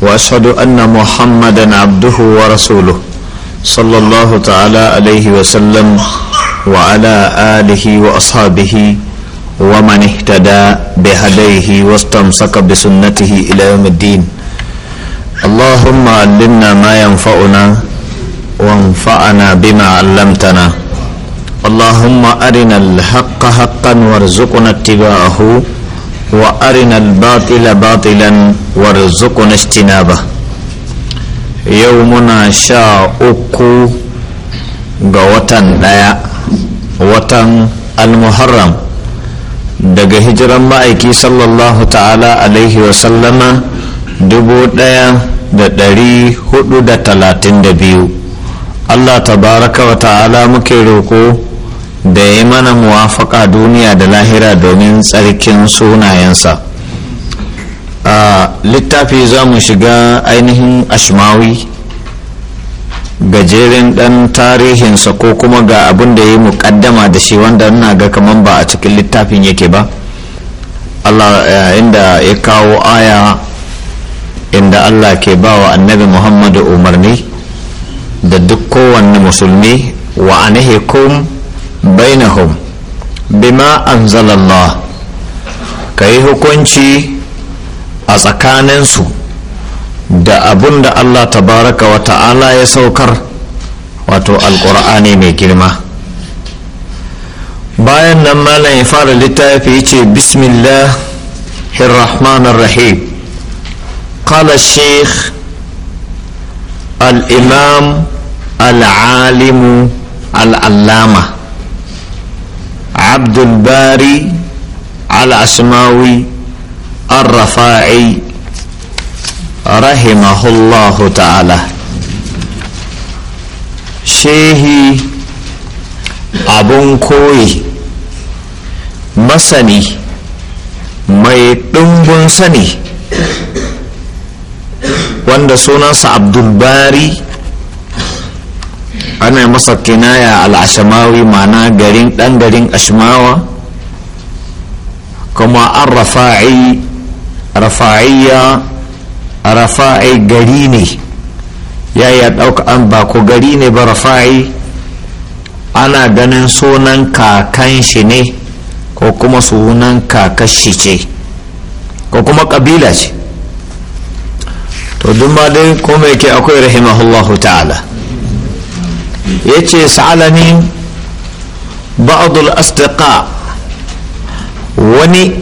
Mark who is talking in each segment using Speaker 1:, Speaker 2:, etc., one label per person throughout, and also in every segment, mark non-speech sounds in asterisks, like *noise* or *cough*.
Speaker 1: واشهد ان محمدا عبده ورسوله صلى الله تعالى عليه وسلم وعلى اله واصحابه ومن اهتدى بهديه واستمسك بسنته الى يوم الدين اللهم علمنا ما ينفعنا وانفعنا بما علمتنا اللهم ارنا الحق حقا وارزقنا اتباعه وأرنا الباطل باطلا وارزقنا اجتنابه يومنا شاء أكو غوطن دايا watan المحرم daga hijiran ma'aiki sallallahu ta'ala alaihi wasallama dubu daya da dari hudu da talatin da biyu allah tabaraka wa ta'ala muke roko da ya mana muwafaka duniya da lahira domin tsarkin sunayensa a littafi za mu shiga ainihin ashmawi gajeren dan tarihinsa ko kuma ga abin da ya yi mukaddama da shi wanda nuna ga kaman ba a cikin littafin yake ba allah inda ya kawo aya inda allah ke ba wa annabi muhammadu umarni da duk kowanne musulmi wa anahikum bainahum bima anzalallah ka yi hukunci a tsakaninsu da abun da allah tabaraka wa ta'ala ya saukar wato alkur'ani mai girma bayan nan malam ya fara littafi ce bismillah rahmanir rahim al الشيخ الإمام العالم العلامة عبد الباري الأسماوي الرفاعي رحمه الله تعالى شيهي abun koyi masani mai ɗumbun sani wanda sunansa abdulbari ana masa kinaya al'ashamawi mana garin ɗan garin ashmawa kuma an rafa'i rafa'iyya rafa'i gari ne ya yi ɗauka an ba ko gari ne ba rafa'i ana ganin sunan kakan shi ne ko kuma sunan kakashi ce ko kuma ƙabila ce to duk ma dai kome ke akwai rahimahullahu ta'ala yace sa'alani ba'adul asdiqa wani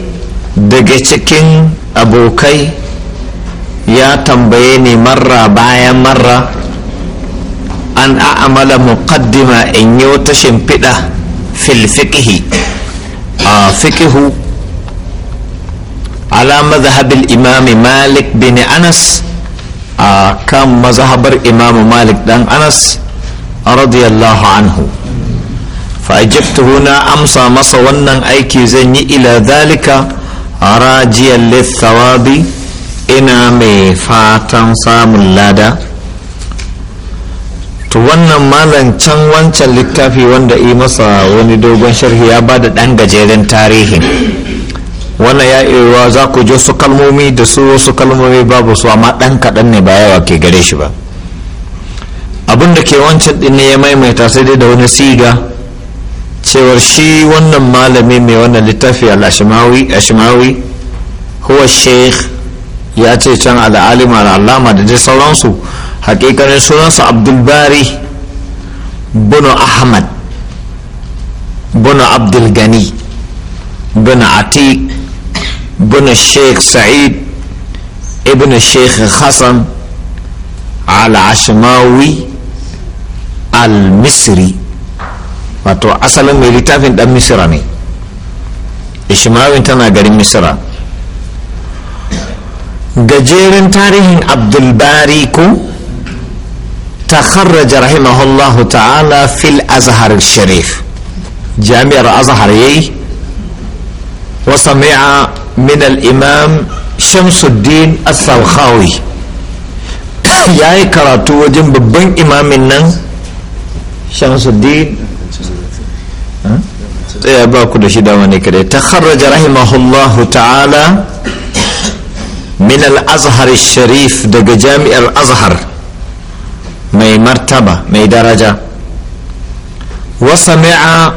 Speaker 1: daga cikin abokai ya tambaye ni marra bayan marra an a'amala muqaddima in yi wata shimfiɗa fil fiqhi a fiqhu ala mazhabil imam malik bin anas a kan mazhabar imam malik dan anas رضي الله عنه فأجبته amsa أمسى wannan aiki أيكي زني إلى ذلك راجيا للثواب إنا مي fatan سام اللادا to wannan malam can wancan littafi wanda yi masa wani dogon sharhi ya ba da ɗan gajeren tarihin wannan ya iya za ku je su kalmomi da su wasu kalmomi babu su amma ɗan kaɗan ne ba yawa ke gare shi ba abin da ke wancan din ne ya maimaita sai dai da wani siga cewar shi wannan malami mai wannan littafi al-ashimawi huwa sheikh ya ce can al'alim al'allama da dai sauransu hakikanin sunansa abdulbari bunu ahmad bunu abdulgani bunu Ati bunu sheikh sa'id ibn sheikh hassan al-ashimawi al-misri wato asalin mai littafin dan misira ne ishimawin tana garin misira gajeren tarihin abdulbari ku ta kharraja rahimahullah ta'ala fil azhar sharif jami'ar azhar yayi wa sami'a min al-imam shamsuddin as-sawkhawi *coughs* yayi karatu wajen babban imamin nan shamsuddin tsaya ba ku da shi dama ne kadai ta kharraja rahimahullahu ta'ala min al-azhar sharif daga jami'ar azhar mai martaba mai daraja wa sami'a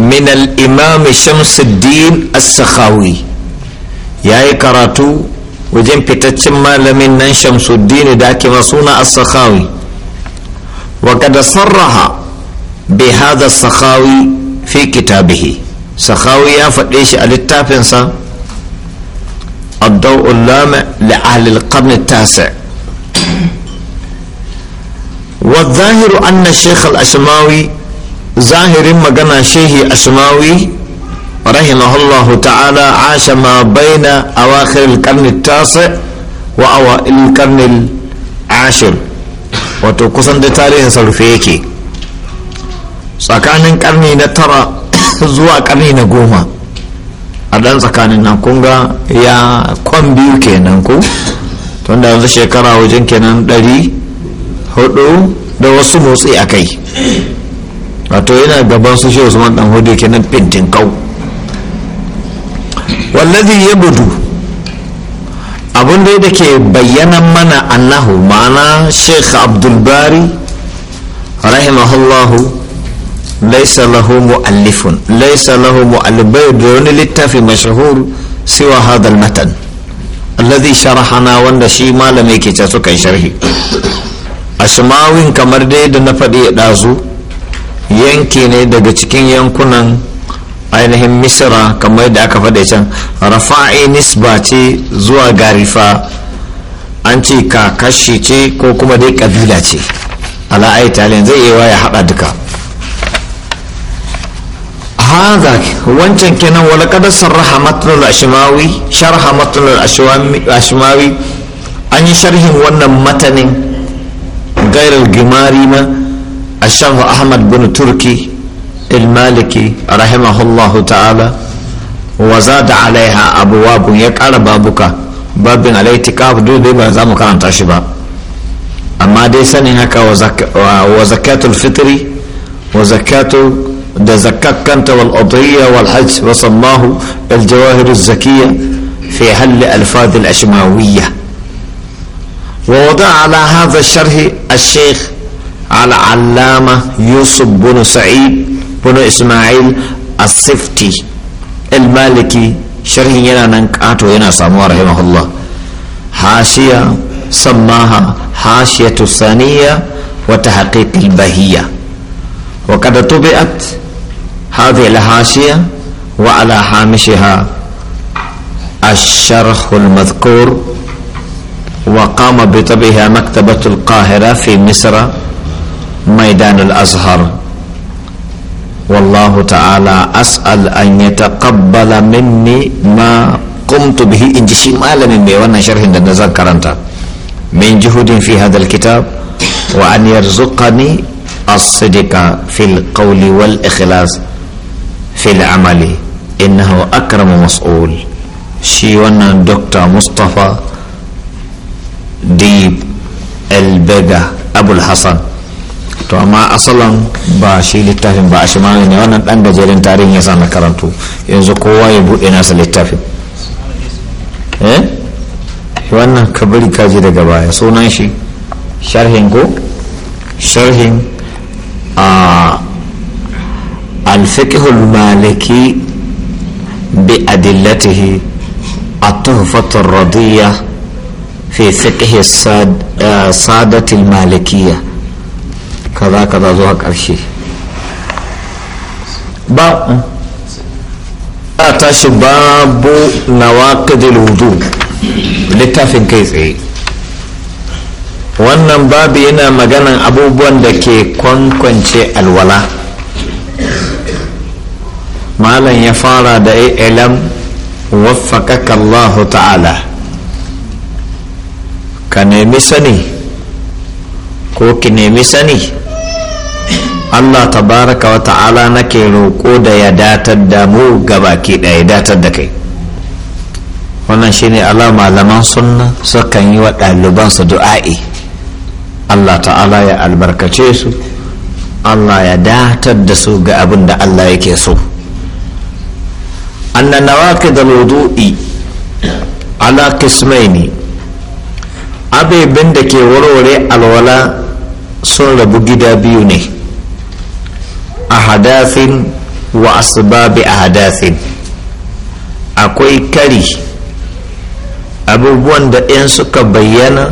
Speaker 1: min al-imam shamsuddin as-sakhawi yayi karatu wajen fitaccen malamin nan shamsuddin da ake masuna as-sakhawi wa kada sarraha بهذا السخاوي في كتابه سخاوي يا فديش التافنسا الضوء اللامع لأهل القرن التاسع والظاهر أن الشيخ الأشماوي ظاهر مجنى شيخ أشماوي رحمه الله تعالى عاش ما بين أواخر القرن التاسع وأوائل القرن العاشر وتقصد تاريخ صرفيكي tsakanin karni na tara zuwa karni na goma a dan tsakanin nan kunga ya kwan biyu kenan ko tunda yanzu shekara wajen kenan ɗari hudu da wasu motsi a kai wato yana gaban su shi usman dan hudu kenan fintin kau wallazi ya gudu abin da ke bayyana mana annahu ma'ana sheikh abdulbari rahimahullahu laisa lahu mu'allifun laisa lahu mu'allif bai da wani littafi mashahur siwa hadal matan alladhi sharahana wanda shi malamai ke ce sukan sharhi shimawin kamar dai da na faɗi ɗazu yanki ne daga cikin yankunan ainihin misira kamar da aka faɗe can rafa'i nisba ce zuwa garifa an ce kakashi ce ko kuma dai kabila ce ala italian zai iya ya haɗa duka هذا وانشن كنا ولقد صرح متن الأشماوي شرح متن الأشماوي أن شرح وانا متن غير الجماري ما الشيخ أحمد بن تركي المالكي رحمه الله تعالى وزاد عليها أبواب يقال بابك باب الاعتكاف دو دي بازام كان تشبا أما دي سنة هكا وزكاة الفطر وزكاة ده زكاك أنت والقضية والحج وسماه الجواهر الزكية في حل ألفاظ الأشماوية ووضع على هذا الشرح الشيخ العلامة يوسف بن سعيد بن إسماعيل السفتي المالكي شرح ينا ننكاتو ينا سامو رحمه الله حاشية سماها حاشية الثانية وتحقيق البهية وقد طبعت هذه الحاشية وعلى هامشها الشرح المذكور وقام بطبعها مكتبة القاهرة في مصر ميدان الأزهر والله تعالى أسأل أن يتقبل مني ما قمت به إن جشي من بيوانا شرح نذكر أنت من جهود في هذا الكتاب وأن يرزقني الصدق في القول والإخلاص في العمل إنه أكرم مسؤول شي دكتور مصطفى ديب أبو الحسن to amma asalin ba shi littafin ba a shi ma ne wannan dan gajeren tarihin ya sa na karantu yanzu kowa ya buɗe nasa littafin eh wannan kabari kaji daga baya sunan shi sharhin ko sharhin آه، الفقه المالكي بأدلته التهفة الرضية في فقه السادة آه، المالكية كذا كذا زوهك أرشي باب آه، تاشي باب نواقض الوضوء لتافن كيف ايه wannan babu yana maganan abubuwan da ke kwankwance alwala malam ya fara da ilam waffakaka allahu ta'ala ka nemi sani ko ki nemi sani allah tabaraka wa ta'ala nake roƙo da ya datar da mu gabaki ɗaya ya datar da kai wannan shine alama malaman sunna sukan yi wa ɗalibansu du'a'i allah ta'ala ya albarkace su allah ya datar da su ga abin da allah yake so أن نواقض الوضوء على قسمين ababen da ke warware alwala sun rabu gida biyu ne a hadafin wa asbabi a hadafin akwai kari abubuwan da ɗin suka bayyana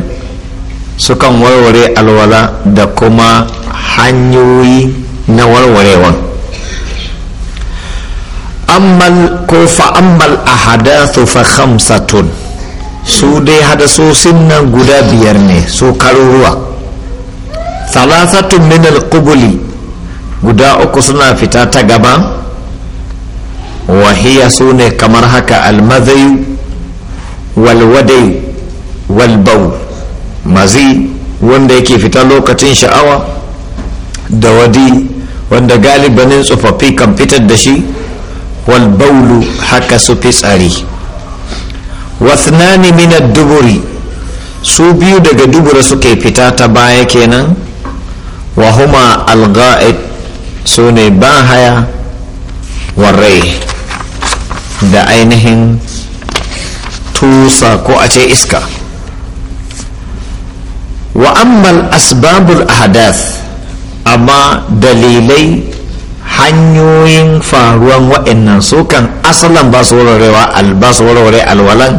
Speaker 1: sukan warware alwala da kuma hanyoyi na warwarewa ammal ko fa'ammal a hadathu fa khamsatun su dai hadasosin nan guda biyar ne su karuruwa thalathatun min alqubuli guda uku suna fita ta gaba wahiya su ne kamar haka almazai walwadai walbau mazi wanda yake fita lokacin sha'awa da wadi wanda galibanin tsofaffi kan fitar da shi walbaulu haka su fitsari wathnani minar duburi su biyu daga dubura suke fita ta baya kenan wahuma huma alga'id su ne ban haya warai da ainihin tusa ko a ce iska wa ammal asbabul ahadath amma dalilai hanyoyin faruwan wa'annan sukan asalin asalan ba su warwarewa warware alwalan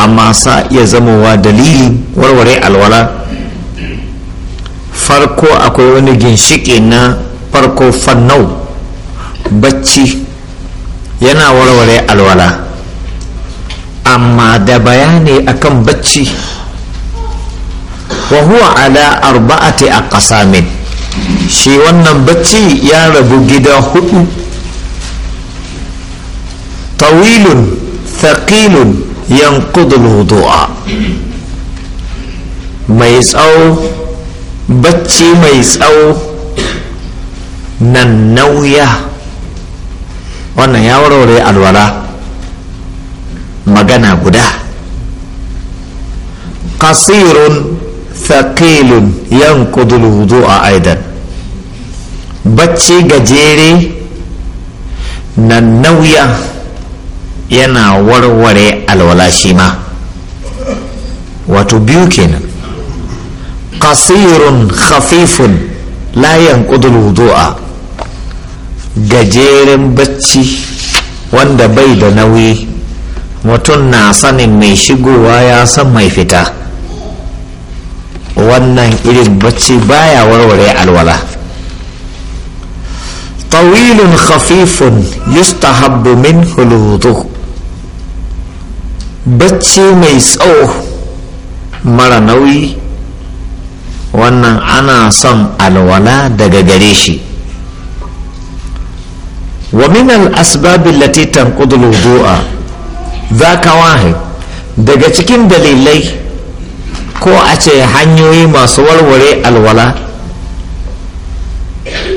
Speaker 1: amma sa iya zamowa dalili warware alwala farko akwai wani ginshiƙi na farko fannau bacci yana warware alwala amma da bayani akan bacci wa huwa ala arba'ati aqsamin shi wannan bacci ya rabu gida hudu tawilun thaqilun yanqudul wudu'a mai tsawo bacci mai tsawo nan nauya wannan ya warware alwala magana guda kasirun thaqilun yankudul a aidan bacci gajere na nauya yana warware alwala shi ma wato biyu kenan qasirun khafifun la yankudul wudu'a gajeren bacci wanda bai da nauyi mutum na sanin mai shigowa ya san mai fita wannan irin bacci baya warware alwala tawilun خفيف يستحب منه huludu. bacci mai tsawo mara nauyi wannan ana son alwala daga gare shi wa min al-asbab allati tanqudu al-wudu'a daga cikin dalilai ko a ce hanyoyi masu warware alwala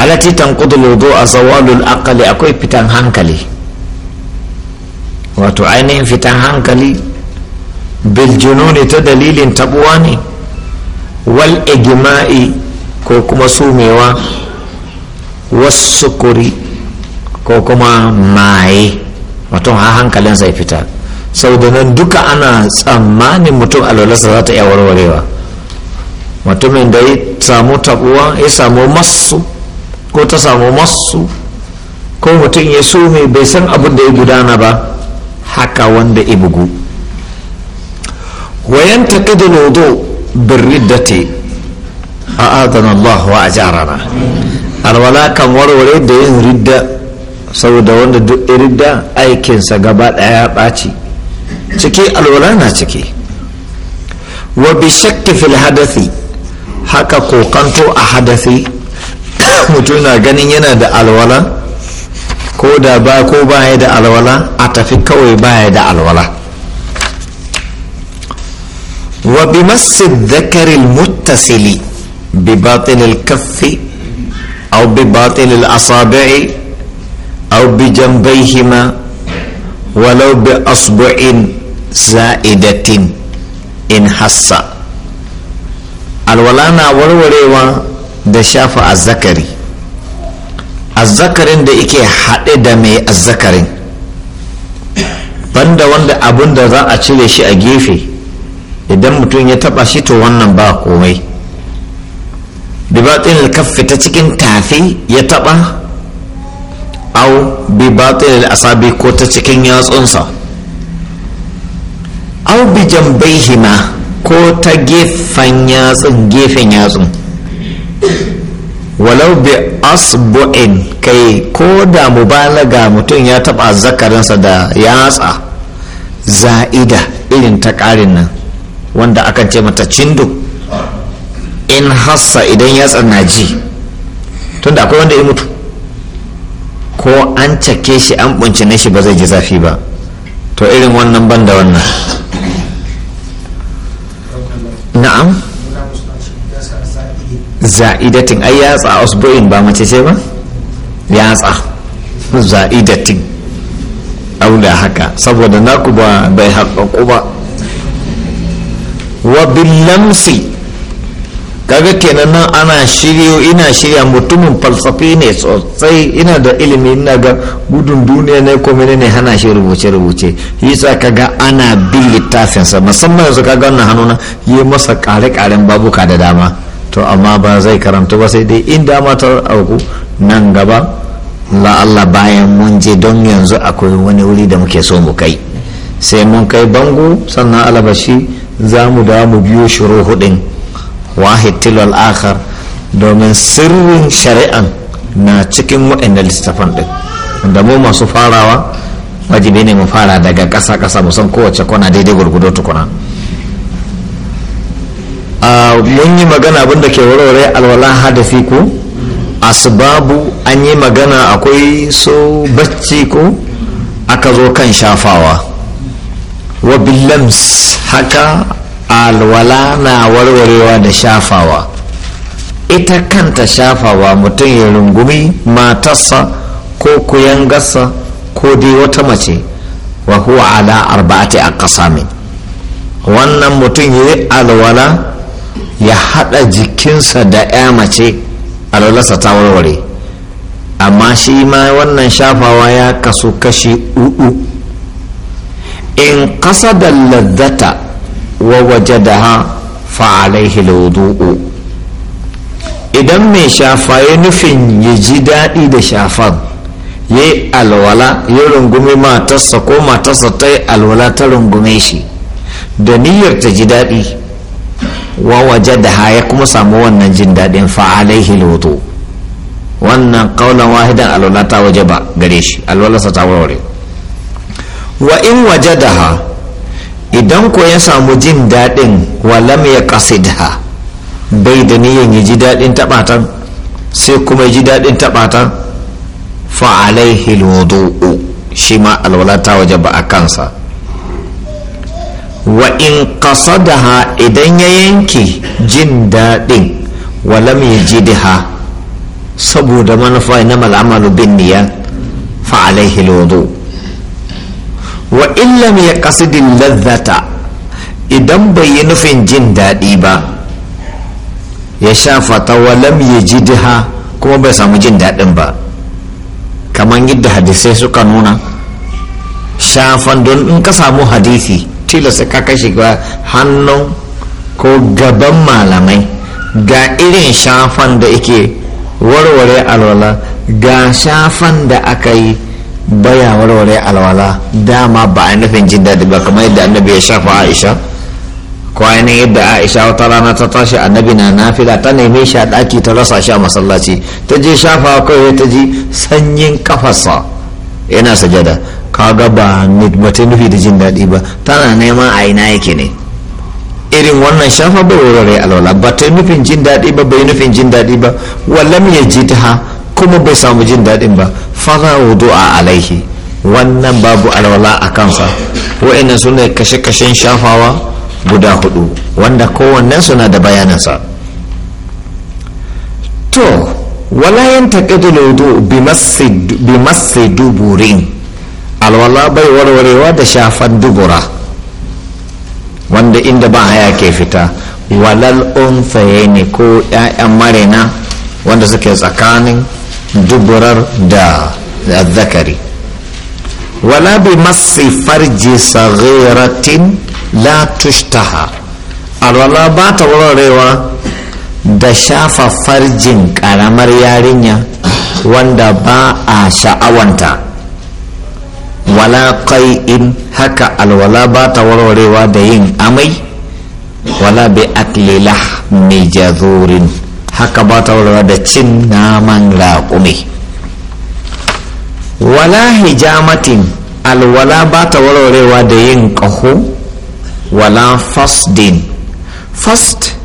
Speaker 1: alati kudu lodo a zawalul akali akwai fitan hankali wato ainihin fitan hankali biljino ne ta dalilin tabuwa ne wal igima'i ko kuma sumewa wasu kuri ko kuma maye wato ha hankalin zai fita sau da nan duka ana tsammanin mutum a lalasa za ta iya warwarewa mutumin da ya samu tabuwa ya samu masu ko ta samu masu ko mutum ya so mai bai san abin da ya gudana ba haka wanda ya bugu wayan taƙidin wudu birriddati a adana Allah wa a jarana alwala kan warware da yin ridda saboda wanda duk ridda aikinsa gaba ɗaya ɓaci ciki alwala na ciki wa bi shakki fil hadasi haka kokanto a hadasi mutum na ganin yana da alwala ko da ba ko baya da alwala a tafi kawai baya da alwala wa bi masu zakarin muttasili bi batinil kaffi au bi batinil asabi'i au bi jambaihima walau bi asbu'in za'idatin in hassa alwala na warwarewa da shafa azzakari azzakarin da yake haɗe da mai azzakarin banda wanda abun da za a cire shi a gefe idan mutum ya taɓa shi to wannan ba komai dubatin kaffe ta cikin tafi ya taɓa. au bi batil asabi ko ta cikin yatsunsa au bi jambaihima ko ta gefen yatsun gefen yatsun walau bi asbu'in kai ko da mubalaga mutum ya taba zakarinsa da yatsa za'ida irin ta karin nan wanda aka ce mata cindo in hassa idan yatsa na ji tunda akwai wanda ya mutu ko an cake shi an na shi ba zai ji zafi ba to irin wannan ban da wannan na'am za'idatin ai yatsa tsa osboin ba mace ce ba yatsa za'idatin aula haka saboda naku ba bai haƙaƙu ba wa billamsi kaga kenan nan ana shiryo ina shirya mutumin falsafi ne sosai ina da ilimi ina ga gudun duniya ne ko ne hana shi rubuce rubuce yasa kaga ana bin littafinsa musamman yanzu kaga wannan hannuna yi masa kare karen babuka da dama to amma ba zai karanta ba sai dai in dama ta auku nan gaba la Allah bayan mun je don yanzu akwai wani wuri da muke so mu kai sai mun kai bango sannan alabashi za mu da mu biyo shiru hudin wahid tilo akhar domin sirrin shari'an na cikin waɗanda littafan ɗin wanda mu masu farawa wajibi ne mu fara daga ƙasa ƙasa musan kowace kwana daidai gurgudo tukuna mun yi magana abin ke warware alwala hadasi ko asbabu an yi magana akwai so bacci ko aka zo kan shafawa wa billams haka alwala na warwarewa da shafawa ita kanta shafawa mutum ya rungumi matarsa ko kuyangarsa ko dai wata mace wa huwa ala arba'ati a ƙasamin wannan mutum ya yi alwala ya haɗa jikinsa da ya mace alwalarsa ta warware amma shi ma wannan shafawa ya kasu kashi uku in kasa da lazzata ووجدها فعليه الوضوء idan mai shafa ya nufin ya ji daɗi da shafan ya yi alwala ya rungumi matarsa ko matarsa ta yi alwala ta rungume shi da niyyar ta ji daɗi wa waje da haya kuma samu wannan jin daɗin fa'alai loto wannan kaunan wahidan alwala ta waje ba gare shi alwalarsa ta warware wa in waje da ha idan ko ya samu jin daɗin walam ya kasidha bai da niyan ya ji daɗin taɓatan sai kuma ya ji daɗin taɓatan fa'alai wudu'u shi ma alwalata waje ba a kansa wa in qasadaha idan ya yanke jin daɗin walam ya ji diha saboda manufa na mal'amalu bin niyan fa'alaihi wudu'u wa illam ya kasidin lazzata idan bai yi nufin jin daɗi ba ya shafa fata walam ya ji diha kuma bai samu jin daɗin ba kamar yadda hadisai suka nuna shafan don in ka samu hadisi tilasta ka kashe hannun ko gaban malamai ga irin shafan da ike warware alwala ga shafan da aka yi baya warware alwala dama ba a nufin jin daɗi ba kamar yadda annabi ya shafa aisha kwanan yadda aisha wata rana ta tashi annabi na nafila ta neme shi a ɗaki ta rasa shi a masallaci ta je shafa kawai ta ji sanyin kafarsa yana sajada kaga ba mata nufi da jin daɗi ba tana neman a ina yake ne irin wannan shafa bai warware alwala ba ta nufin jin daɗi ba bai nufin jin daɗi ba wallam ya ji ta ha kuma bai samu jin daɗin ba fara a alaihi wannan babu alwala a kansa wa'annan su ne kashe-kashen shafawa guda hudu wanda kowannen suna da bayanansa to walayen da wudu bi masu duburin alwala bai warwarewa da shafan dubura wanda inda ba haya ke fita walal unsaye ne ko 'ya'yan marina wanda suke tsakanin دبرر دا الذكري ولا بمس فرج صغيرة لا تشتهى على الله بات الله ريوا دشاف فرج على مريارينيا واندا باء شاوانتا ولا قي إن هكا الولا بات الله ريوا دين أمي ولا بأكل لحم جذور haka ba ta walwala da cin naman raƙumi wala hijamatin alwala ba ta warwarewa da yin ƙaho wala fasdin fast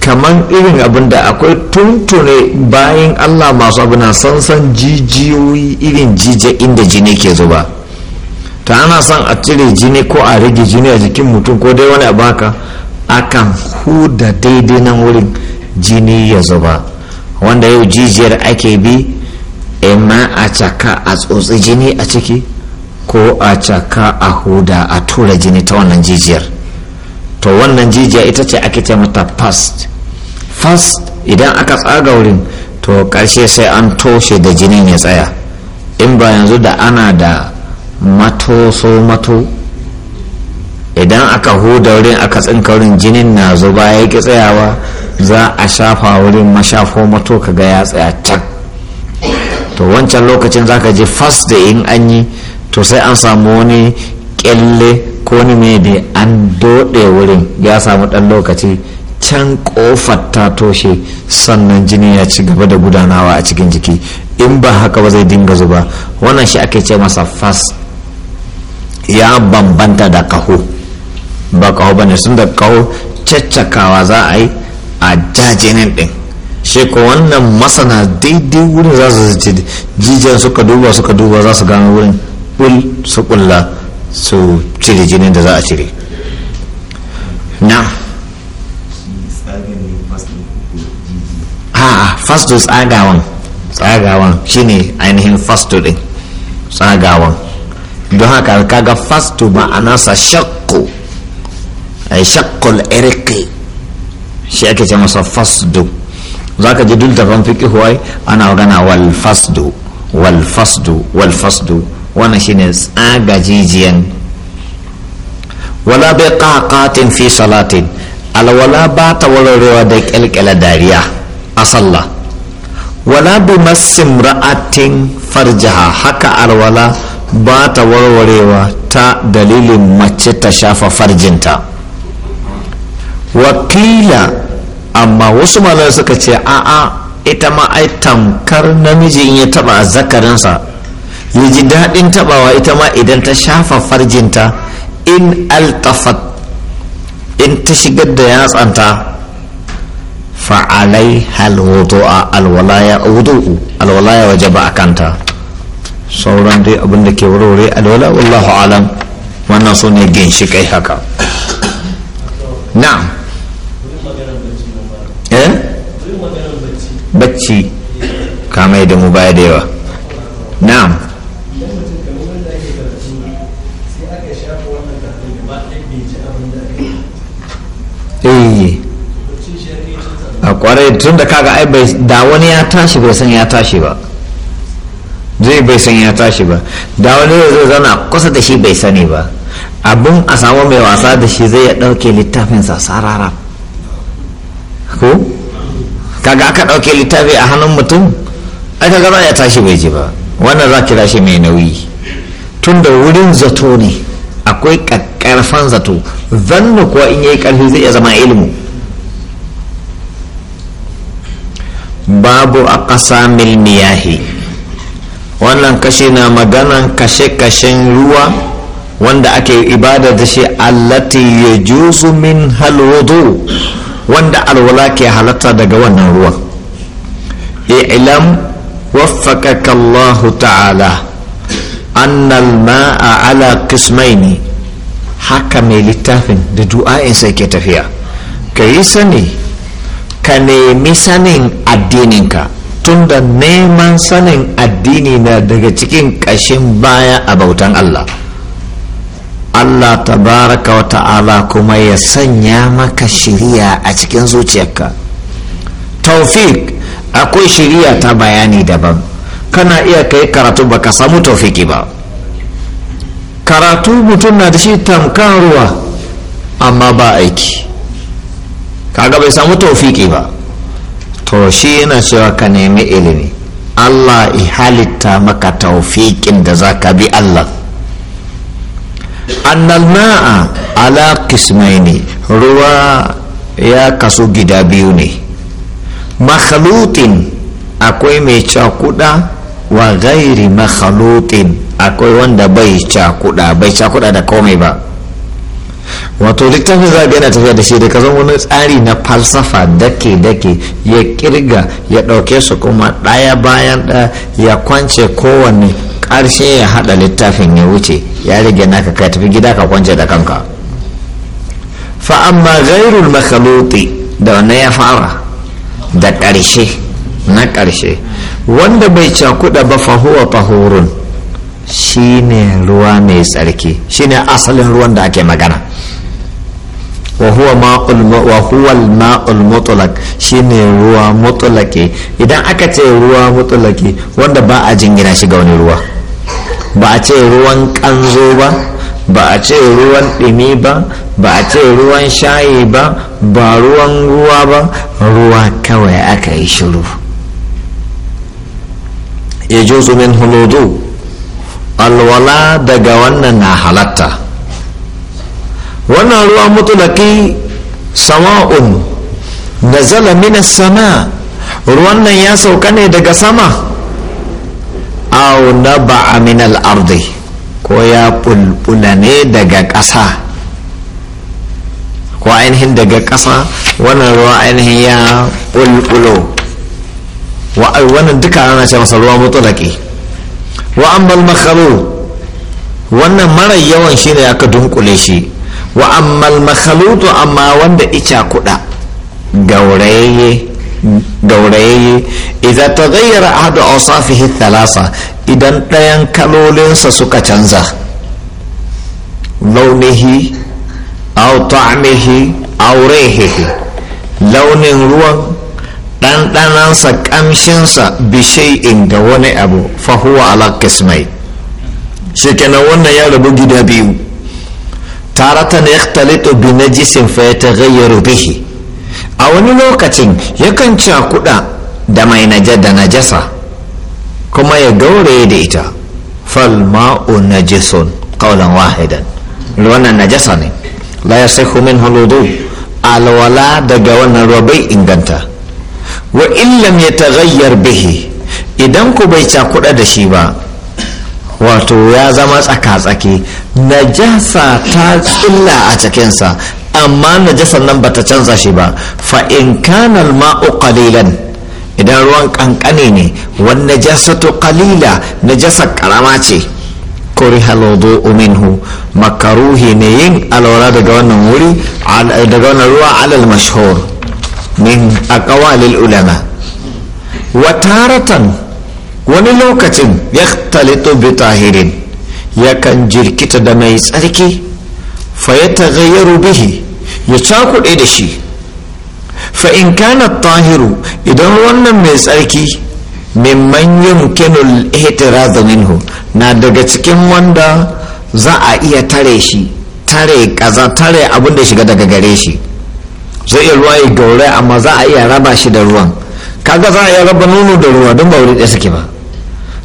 Speaker 1: kamar irin abin da akwai tuntune bayan allah masu abu na sansan jijiyoyi irin jije inda jini ke zuba ta ana son a cire jini ko a rage jini a jikin mutum ko dai wani abu akan huda daidai nan wurin jini ya zuba wanda yau jijiyar ake bi ma a caka a tsotsi jini a ciki ko a caka a huda a tura jini ta wannan jijiyar to wannan jijiya ita ce ake ce mata fast fast idan aka tsaga wurin to karshe sai an toshe da jinin ya tsaya in ba yanzu da ana da mato so mato idan aka huda wurin aka tsinka wurin jinin na zuba ya ki tsayawa za a shafa wurin mashafo mato ka ga ya tsaya can to wancan lokacin za ka je fas da in an yi to sai an samu wani kyalle ko ni mai da an doɗe wurin ya samu ɗan lokaci can kofar ta toshe sannan jini ya ci gaba da gudanawa a cikin jiki in ba haka ba zai dinga zuba wannan shi ake ce masa fas ya bambanta da kaho ba kaho ba sun da kaho caccakawa za a yi a jajenin din shi ko wannan masana daidai wurin za su zace jijiyar suka duba suka duba za su gano wurin ɓul su kulla su cire jinin da za a cire na a fasto tsagawan tsagawan shine ainihin fasto din tsagawan don haka kaga fasto nasa shakku a shakkul irki shi ake ce masa fasdu za ka ji duk daban fiƙi huwai ana magana wal fasdu wal wal wannan shine tsaga jijiyan wala bai ƙaƙatin fi salatin alwala ba ta wararewa da ƙelƙela dariya a sallah wala bi masin ra'atin farjaha haka alwala ba ta warwarewa ta dalilin mace ta shafa farjinta wakila amma wasu malar suka ce a'a ita ma ai tamkar namiji in ya taba zakarinsa ya ji daɗin tabawa ita ma idan ta shafa farjinta in altafat in ta shigar da yatsanta fa'alai halwudu'a alwalaya wudu'u alwalaya waje ba a kanta sauran dai abin da ke warware alwala wallahu alam wannan su ne kai haka na'am bacci kamai da mu baya da yawa na'am eh. a kwarai tun da kaga ai da wani ya tashi bai san ya tashi ba zai bai san ya tashi ba da wani zai zana kusa da shi bai sani ba abin a samu mai wasa da shi zai ya ɗauke littafin sa sarara ko kaga aka ɗauke littafi a hannun mutum ai kaga ba ya tashi bai ji ba wannan za kira shi mai nauyi tun da wurin zato ne akwai ƙarfan zato zannu kuwa in yayi ƙarfi zai iya zama ilmu babu a ƙasa mil miyahi wannan kashe na maganan kashe-kashen ruwa wanda ake ibada da shi allati ya juzu min halwudu wanda alwala ke halatta daga wannan ruwan i'lam waffaqaka Allah ta'ala annal ma'a ala kismaini haka mai littafin da du'a'in sai ke tafiya ka yi sani ka nemi sanin addininka tunda neman sanin addini na daga cikin ƙashin baya a bautan Allah Allah tabaraka wa ta'ala kuma ya sanya maka shiriya a cikin zuciyarka taufik akwai shiriya ta bayani daban kana iya kai karatu baka samu taufiki ba karatu mutum na da shi tamkan ruwa amma ba aiki kaga bai samu taufiki ba to shi yana cewa ka nemi ilimi allah i halitta maka taufikin da za ka bi allah annal ma'a ala kismaini ruwa ya kasu gida biyu ne makhalutin akwai mai cakuda wa gairi makhalutin akwai wanda bai cakuda bai cakuda da komai ba wato littafin zaɓi yana tafiya da shi da zama wani tsari na falsafa dake-dake ya kirga ya ɗauke su kuma ɗaya bayan ɗaya ya kwance kowanne ƙarshe ya haɗa littafin ya wuce ya rage naka ka tafi gida ka kwance da kanka fa'amma gairul makaloti da wanne ya fara da ƙarshe na ƙarshe wanda bai cakuɗa ba fahuwa fahurun shine ruwa mai tsarki shine asalin ruwan da ake magana wa huwa ma'ul shi shine ruwa mutulake idan aka ce ruwa mutulake wanda ba a jingina shi ga wani ruwa ba a ce ruwan kanzo ba ba a ce ruwan ɗimi ba ba a ce ruwan shayi ba ba ruwan ruwa ba ruwa kawai aka yi shiru ya juzu min huludu alwala daga wannan na halatta wannan ruwa mutulaki sama'un zala mina sama ruwan nan ya sauka ne daga sama au na ba'a minal ardi ko ya bulbula ne daga ƙasa ko ainihin daga ƙasa wannan ruwa ainihin ya bulbulo wannan duka ana ce masa ruwa mutulaki وأما المخلو وانا مرا يوان شيني يكا دنقل شي وأما المخلو تو أما وانا إيشا كودا غوري غوري إذا تغير أحد أوصافه الثلاثة إذا تيان كالولين سسوكا چانزا لونه أو طعمه أو ريحه لون روان ɗanɗanansa ƙamshinsa in ga wani abu fahuwa ala kismai shi kenan wannan ya rabu gida biyu na ya talito bi jisin fa ya gayyaro bihi a wani lokacin yakan cakuɗa da mai naja da najasa kuma ya gaure da ita falma'u jison ƙaunar wahidan wannan najasa ne la ya sai min haludu alwala daga wannan ruwa bai inganta wa illam ya tagayyar bihi idan ku bai cakuɗa da shi ba wato ya zama tsaka-tsaki najasa ta tsilla a cikinsa amma najasar nan bata canza shi ba fa in kana ma'u qalilan idan ruwan kankane ne wan kalila qalila najasar karama ce kori halodo uminhu makaruhi ne yin alaura daga wannan wuri daga wannan ruwa alal mashhur min ƙawalil ulama wa taratan wani lokacin ya yahtalitu bi tahirin kan jirkita da mai tsarki fa yataghayyaru bihi ya cakuɗe da shi fa in kana tahiru idan wannan mai tsarki mimman yumkinul ihtiraz minhu na daga cikin wanda za a iya tare shi tare kaza tare abin da shiga daga gare shi zai iya ruwa ya gauraya amma za a iya raba shi da ruwan kaga za a iya raba nono da ruwa don ba wuri ɗaya suke ba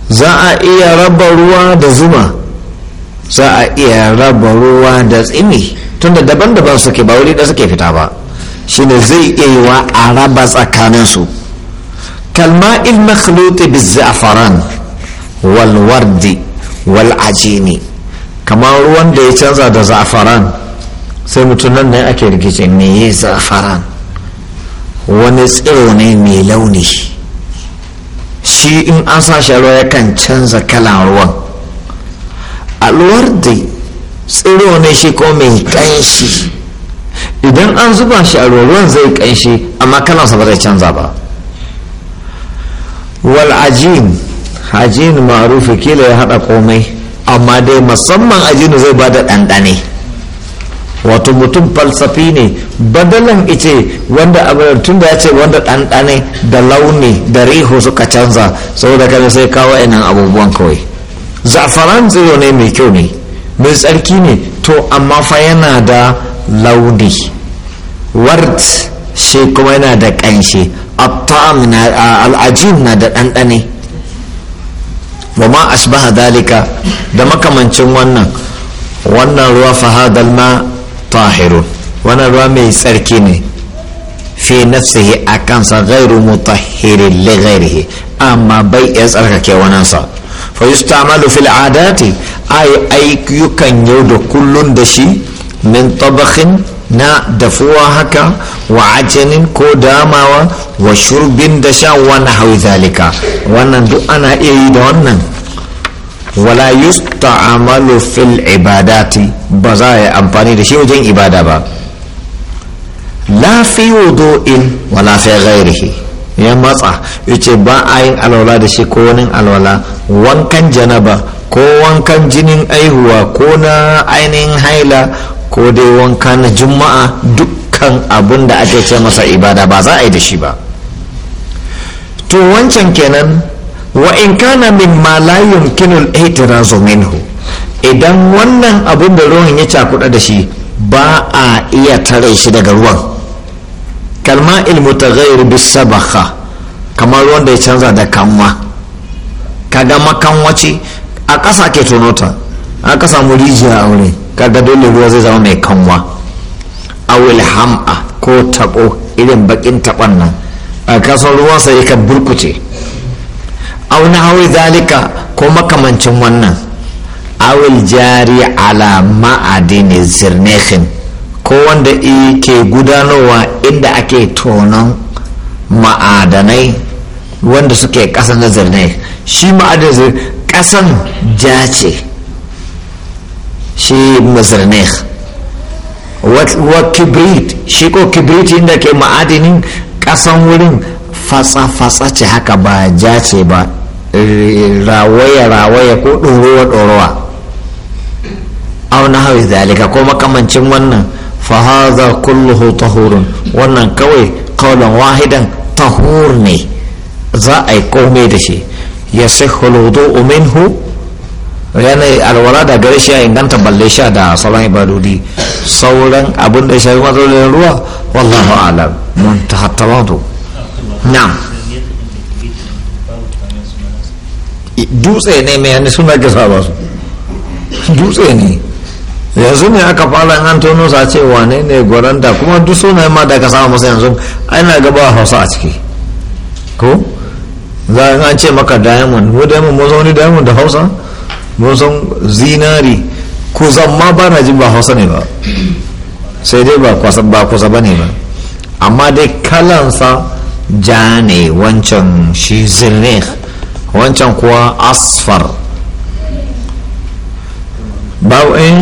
Speaker 1: za a iya raba ruwa da zuma za a iya raba ruwa da tsimi tunda daban-daban suke ba wuri ɗaya suke fita ba shi ne zai iya wa a raba tsakaninsu kalma il makhluti bi za'faran wal wardi wal ajini kamar ruwan da ya canza da za'faran sai mutum nan ne ake rikici me yi zafaran wani tsiro ne mai launi shi in an sa shi ruwa yakan canza kalan ruwan alwar da tsiro ne shi ko mai kanshi idan an zuba shi a ruwan zai kanshi amma kalansa ba zai canza ba wal ajin ajin marufi kila ya hada komai amma dai musamman ajinu zai ba da ɗanɗane wato mutum falsafi ne badalan ice wanda abin tun da ya ce wanda ɗanɗane da launi da riho suka canza saboda kada sai kawo inan abubuwan kawai zafaran tsiro ne mai kyau ne mai tsarki ne to amma fa yana da launi wart shi kuma yana da ƙanshi al'ajin na da ɗanɗane wa ma asbaha dalika da makamancin wannan wannan ruwa fahadal ma طاهر وانا رامي سركيني في نفسه اكانسا غير مطهر لغيره اما بي اسرك كي وننسى فيستعمل في العادات اي اي كيو كان يودو كل دشي من طبخ نا دفوا هكا وعجن كوداما داما وشرب دشا ونحو ذلك وانا دو انا ايه دوانا wala amalu fil ibadati ba za a yi amfani da shi wajen ibada ba lafi fi wudu'in wala fi ghairihi ya matsa yace ba a yin alwala da shi ko wani alwala wankan janaba ko wankan jinin aihuwa ko na ainihin haila ko dai wanka na juma'a dukkan abun da ake ce masa ibada ba za a yi da shi ba to wancan kenan wa in kana min malayun kinul yumkinu minhu idan wannan abin da ruwan ya cakuɗa da shi ba a iya tare shi daga ruwan kalma gairu bis sabakha kamar ruwan da ya canza da kanwa kaga makanwaci a ƙasa ke tonota a ƙasa mu rijiya a wurin kaga dole ruwa zai zama mai kanwa awil ham'a ko taɓo irin bakin taɓon nan a kasar ruwan sai ka burkuce na nahwi zalika ko makamancin wannan awil jari ala ma'adini zirnehin ko wanda ke gudanowa inda ake tonon ma'adanai wanda suke ƙasa na zirne shi ma'adin zirne kasan ja shi mazirne wa kibrit shi ko kibrit inda ke ma'adinin kasan wurin fatsa-fatsa ce haka ba jace ba rawaya rawaya ko ɗorowa ɗorowa auna hawi zalika ko makamancin wannan fahaza kulluhu tahurun wannan kawai kaulan wahidan tahur ne za a yi komai da shi ya sai sihuludu hu yana alwala da gare shi inganta balle sha da sauran ibadodi sauran abin da shafi matsalolin ruwa wallahu alam mun ta hattalatu na'am dutse ne mai hannu suna gasa ba su dutse ne yanzu ne aka fara an tono sa ce wane ne gwaranta kuma duk suna ma da kasa samu masa yanzu ana gaba hausa a ciki ko za a ce maka diamond ko diamond mun wani diamond da hausa mun san zinari ko ma ba na jin ba hausa ne ba sai dai ba kusa ba ne ba amma dai kalansa ja ne wancan shi zinir wancan kuwa asfar babu in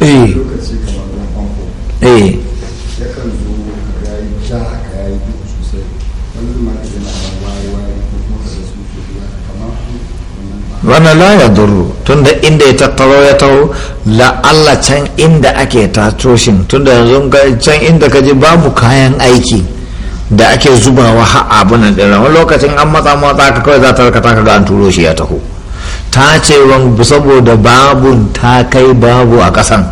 Speaker 1: eh? eh. eh. wannan la ya duru tunda inda ya tattaro ya taho la'alla can inda ake tatoshin tunda yanzu can inda ka ji babu kayan aiki da ake zubawa har abunan din wani lokacin an matsa matsa ka kawai za ta raka ka ga an turo shi ya taho ta ce saboda babun ta kai babu a kasan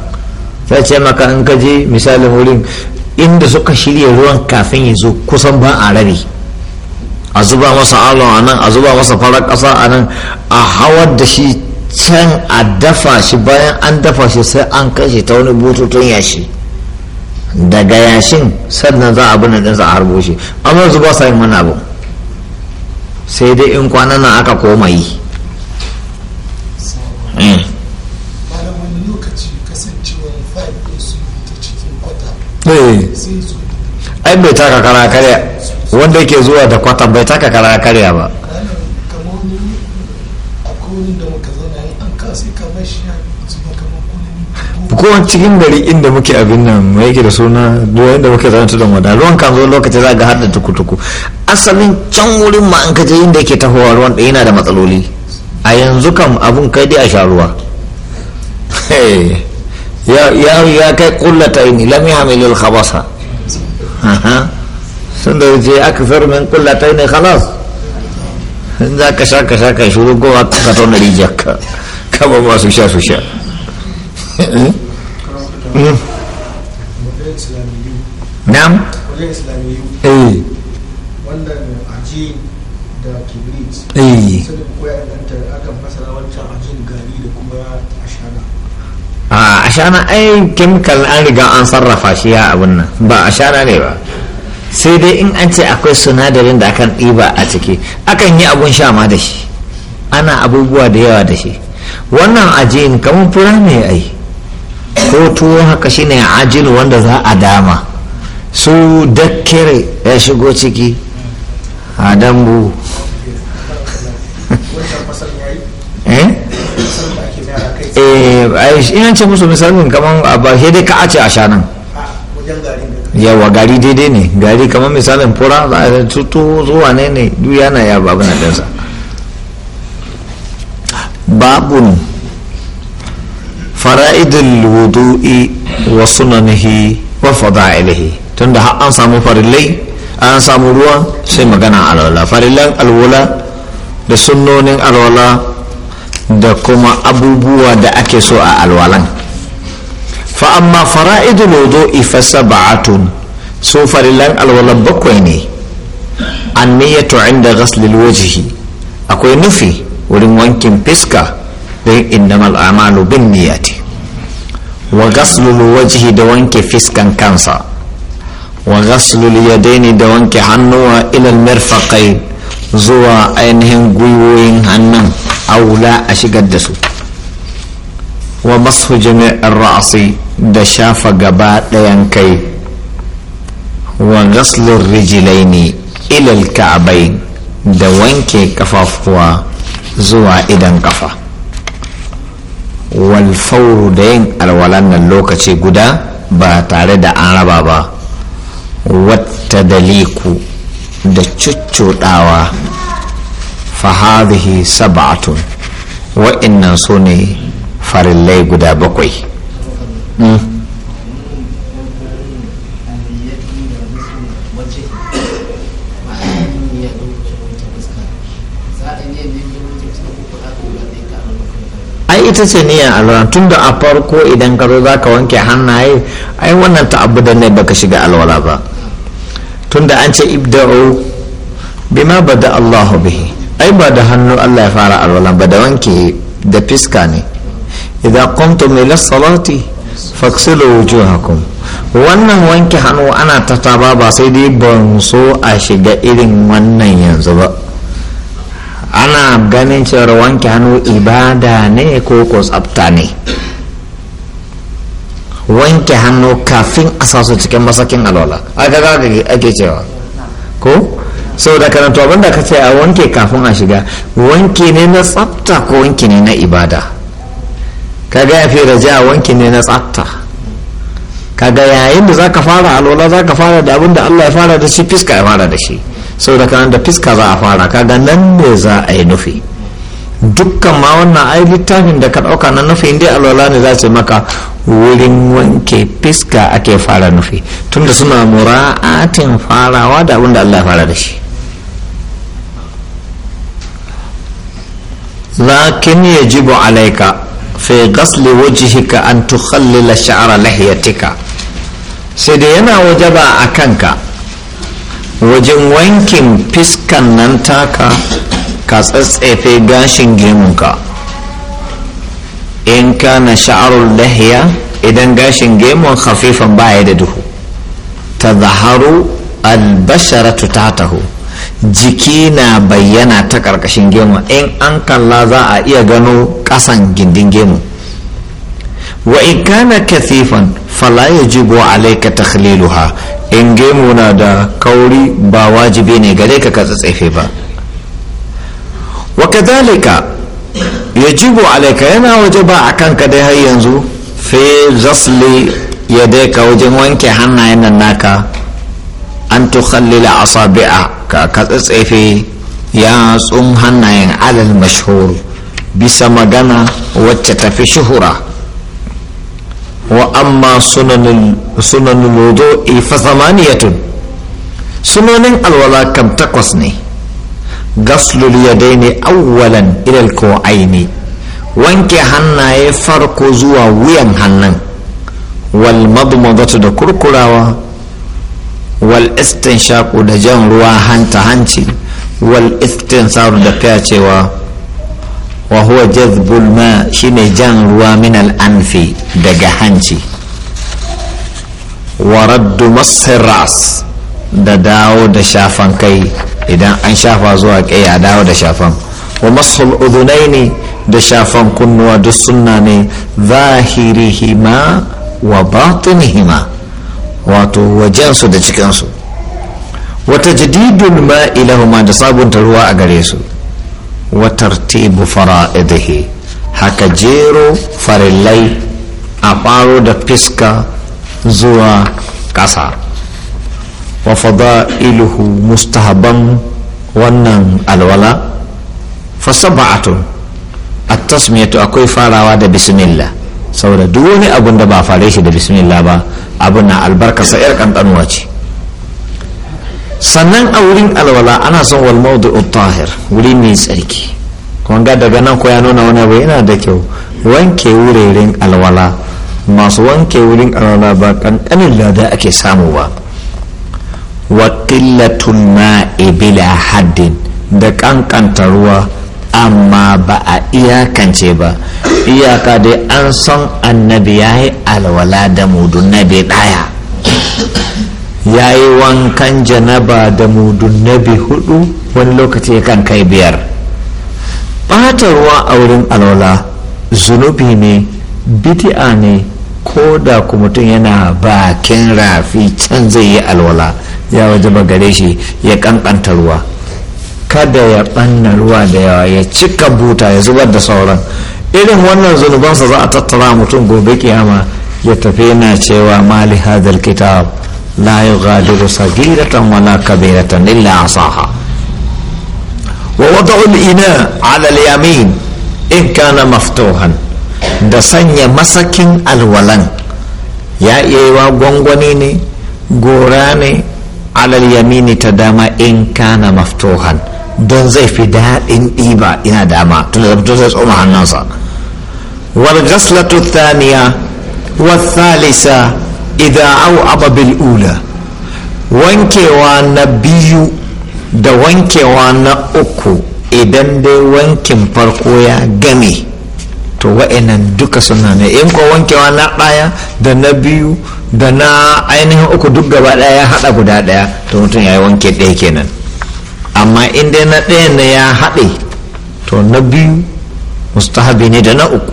Speaker 1: ta ce maka an kaje je misalin wurin inda suka shirya ruwan kafin ya kusan ba a rabe a zuba masa alon a nan a zuba masa farar kasa a nan a hawar da shi can a dafa shi bayan an dafa shi sai an kashe ta wani bututun yashi daga yashin sannan za a bin ɗinsa a harbo shi amma su ba sa yin wani abu sai dai in kwanan nan aka koma yi eh. eh. ai bai taka kara karya wanda yake zuwa da kwata bai taka kara karya ba kamar wani da muka kowane cikin gari inda muke abin nan mai yake da suna duwa inda muke zama tudun wada ruwan kan zo lokaci za ga har tuku tukutuku asalin can wurin ma an kaje inda yake tahowa ruwan da yana da matsaloli a yanzu kam abun kai dai a sha ruwa ya kai ta yi lam yahmilul khabasa sun da wuce aka kula min yi ne khalas in za ka sha ka sha ka shuru gowa ka tauna rijiyar ka kama masu sha su sha Hmm? na'am eh, eh. Ah, ashana ai chemical an riga an sarrafa shi ya abun nan ba ashana ne ba sai dai in an ce akwai sinadarin da akan ɗiba a ciki akan yi abun sha ma da shi ana abubuwa da yawa da shi wannan ajiyin kamar fura ne ai ko tuwo haka shine ajin wanda za a dama su dakkere ya shigo ciki a dambu *laughs* eh? eh, ina ce musu misalin kamar a ba dai ka ace a shanan yawa gari daidai ne gari kamar misalin fura za a tuto zuwa ne ne duk yana ya babu na ɗansa babu fara'idul i wa sunanihi wa fadailihi tunda har an samu farilai an samu ruwa sai magana alwala farillan alwala da sunnonin alwala da kuma abubuwa da ake so a alwalan fa amma fara'idul wudu'i fa sab'atun so farillan alwala bakwai ne anniyatu inda ghaslil wajhi akwai nufi wurin wankin fiska don innamal amalu bin niyati wa gaslul wajhi da wanke fiskan kansa wa gaslul yadaini da wanke hannuwa ila mirfaqai zuwa ainihin gwiwoyin hannun aula a shigar da su wa masu jami'ar ra'asi da shafa gaba ɗayan kai wa gaslul rijilaini ilal ka'abai da wanke kafafuwa zuwa idan kafa walfauru da yin alwalan nan lokaci guda ba tare da an raba ba wata daliku da cuccuɗawa fahadihi sab'atun wa'innan su ne farillai guda bakwai hmm. ita ce niyan alwala tun da a farko idan ka zo za ka wanke hannaye ai wannan ta'abbudan ne baka shiga alwala ba tun da an ce ibda'u bima bada allahu bihi ai ba da hannu allah ya fara alwala ba da wanke da fiska ne idan qumtum mai salati faksilu wujuhakum wannan wanke hannu ana ta taba ba sai dai ban so a shiga irin wannan yanzu ba ana ganin cewar wanke hannu ibada ne ko ko tsafta ne wanke hannu kafin a sasu cikin masakin alwala a ga ake cewa ko sau da karanta abin da ka ce a wanke kafin a shiga wanke ne na tsafta ko wanke ne na ibada kaga ya fi a wanke ne na tsafta kaga yayin da za ka fara alwala za ka fara da abin da allah ya fara da shi fiska ya fara da shi sau da kana da fiska za a fara kaga nan ne za a yi nufi dukkan ma wannan ai littafin da ka ɗauka na nufi inda alwala ne za su maka wurin wanke fiska ake fara nufi tunda suna mura'atin farawa da abinda allah ya fara da shi lakin yajibu alaika fi gasli wajihika an tukhallila sha'ara lahiyatika sai dai yana wajaba a kanka wajen wankin fiskan nan taka ka tsatsefe gashin gemunka in kana sha'arul lahiya idan gashin gemun hafifan baya da duhu ta zaharu albasharatu taho jiki na bayyana ta karkashin gemu in an kalla za a iya gano kasan gindin gemu wa in kana kathifan fala yajibu alayka takhliluha in gemu na da kauri ba wajibi ne gare ka ka tsatsefe ba wa ya jibo alaika yana waje a kan ka dai har yanzu fi zasli ya dai ka wajen wanke hannayen nan naka an tukhallila asabi'a ka ka tsatsefe ya tsun hannayen alal mashhur bisa magana wacce tafi shuhura wa amma sunani nojo in fa sunanin alwala kam takwas ne gas ya dai ne auwalan irin ko aini wanke hannaye farko zuwa wuyan hannan wal mabuma da kurkura wa. wal isten shaƙu da jan ruwa hanta hanci wal isten shahar da fya wa huwa jazbul ma shine jan ruwa min al'anfi daga hanci wa raddu ras da dawo da shafan kai idan an shafa zuwa kai a dawo da shafan wa masul udunaini da shafan kunnuwa duk sunna ne zahirihima wa batinihima wato wajensu da cikinsu wata jadidun ma ilahuma da sabunta ruwa a gare su wa tartibu fara'idihi haka jero farillai a ɓaro da fiska zuwa ƙasa wa fada'iluhu mustahaban wannan alwala fa sab'atun at-tasmiyatu akwai farawa da bismillah saboda duk wani abun da ba fare shi da bismillah ba abun na albarka albarkarsa yar kankanuwa ce sannan a wurin alwala ana son walmau da tahir wuri mai tsarki wanga daga nan ko ya nuna wani abu yana da kyau wanke wuraren alwala masu wanke wurin alwala ba kankanin lada ake samu ba wa qillatul ma'i haddin da kankanta ruwa amma ba a iyakance ba iyaka dai an san annabi ya yi alwala da mudu na daya ya yi wankan janaba da mudunnabi hudu wani lokaci kan kai biyar ɓata ruwa a wurin alwala zunubi ne bidi'a ne ko da mutum yana bakin rafi can zai yi alwala ya waje gare shi ya kankanta ruwa kada ya ɓanna ruwa da yawa ya cika buta ya zubar da sauran irin wannan zunubansa za a tattara mutum gobe kiyama ya tafi yana cewa mali hadal kitab لا يغادر صغيرة ولا كبيرة إلا عصاها ووضع الإناء على اليمين إن كان مفتوحا دسن مسكين الولن يا إيوا غونغونيني غوراني على اليمين تداما إن كان مفتوحا دون زيف دار إن إيبا إنا داما تنزبتوزيس أمها النصر والغسلة الثانية والثالثة idan au ababil ula wankewa na biyu da wankewa na uku idan dai wankin farko ya game to wa'inan duka suna ne in ko wankewa na ɗaya da na biyu da na ainihin uku duk gaba ɗaya ya haɗa guda ɗaya to mutum ya yi wanke ɗaya kenan amma in dai na ɗaya ne ya haɗe to na biyu mustahabi ne da na uku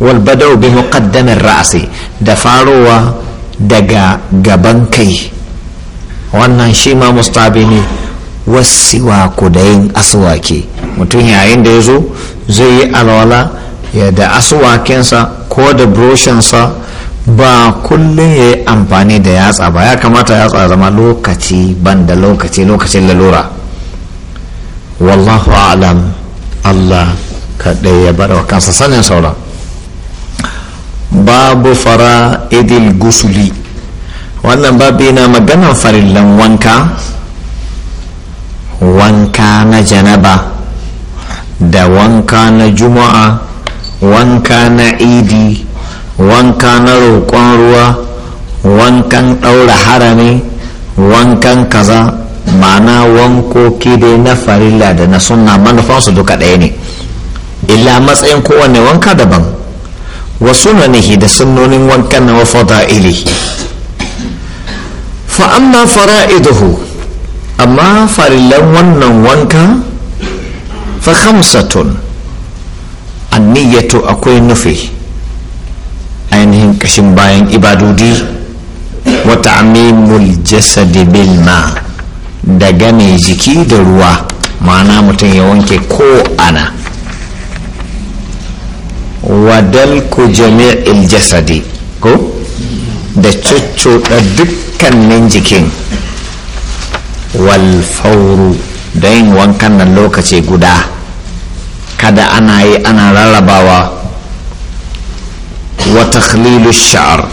Speaker 1: bada'u bi muqaddamin ra'asi da farowa daga gaban kai wannan shi ma mustabi ne ku da yin aswake mutum yayin da ya zo zai yi alwala ya da asuwakensa ko da broshinsa ba kullum ya yi amfani da yatsa ba ya kamata yatsa zama lokaci ban da lokaci lokacin lalura wallahu alam allah kaɗai ya bar wa kansa sanin sauran babu fara idil gusuli wannan babu yana maganan farillan wanka wanka na janaba da wanka na juma'a wanka na idi wanka na roƙon ruwa wankan ɗaura harami wankan kaza ma'ana wankoki dai na farilla da na sunna manufansu duka ɗaya ne illa matsayin kowane wanka daban wa sunanihi da sunnonin wanka na wa ili fa fara fara'iduhu amma farillan wannan wanka fa khamsatun anniyatu akwai nufi ainihin kashin bayan ibadodi wa ta'mimul jasadi bil ma da game jiki da ruwa ma'ana mutum ya wanke ko ana wadalku jami'il jasadi ko da cuccuɗa dukkanin jikin walfauru da yin wankan nan lokaci guda kada ana yi ana rarrabawa wata khalilu sha'ar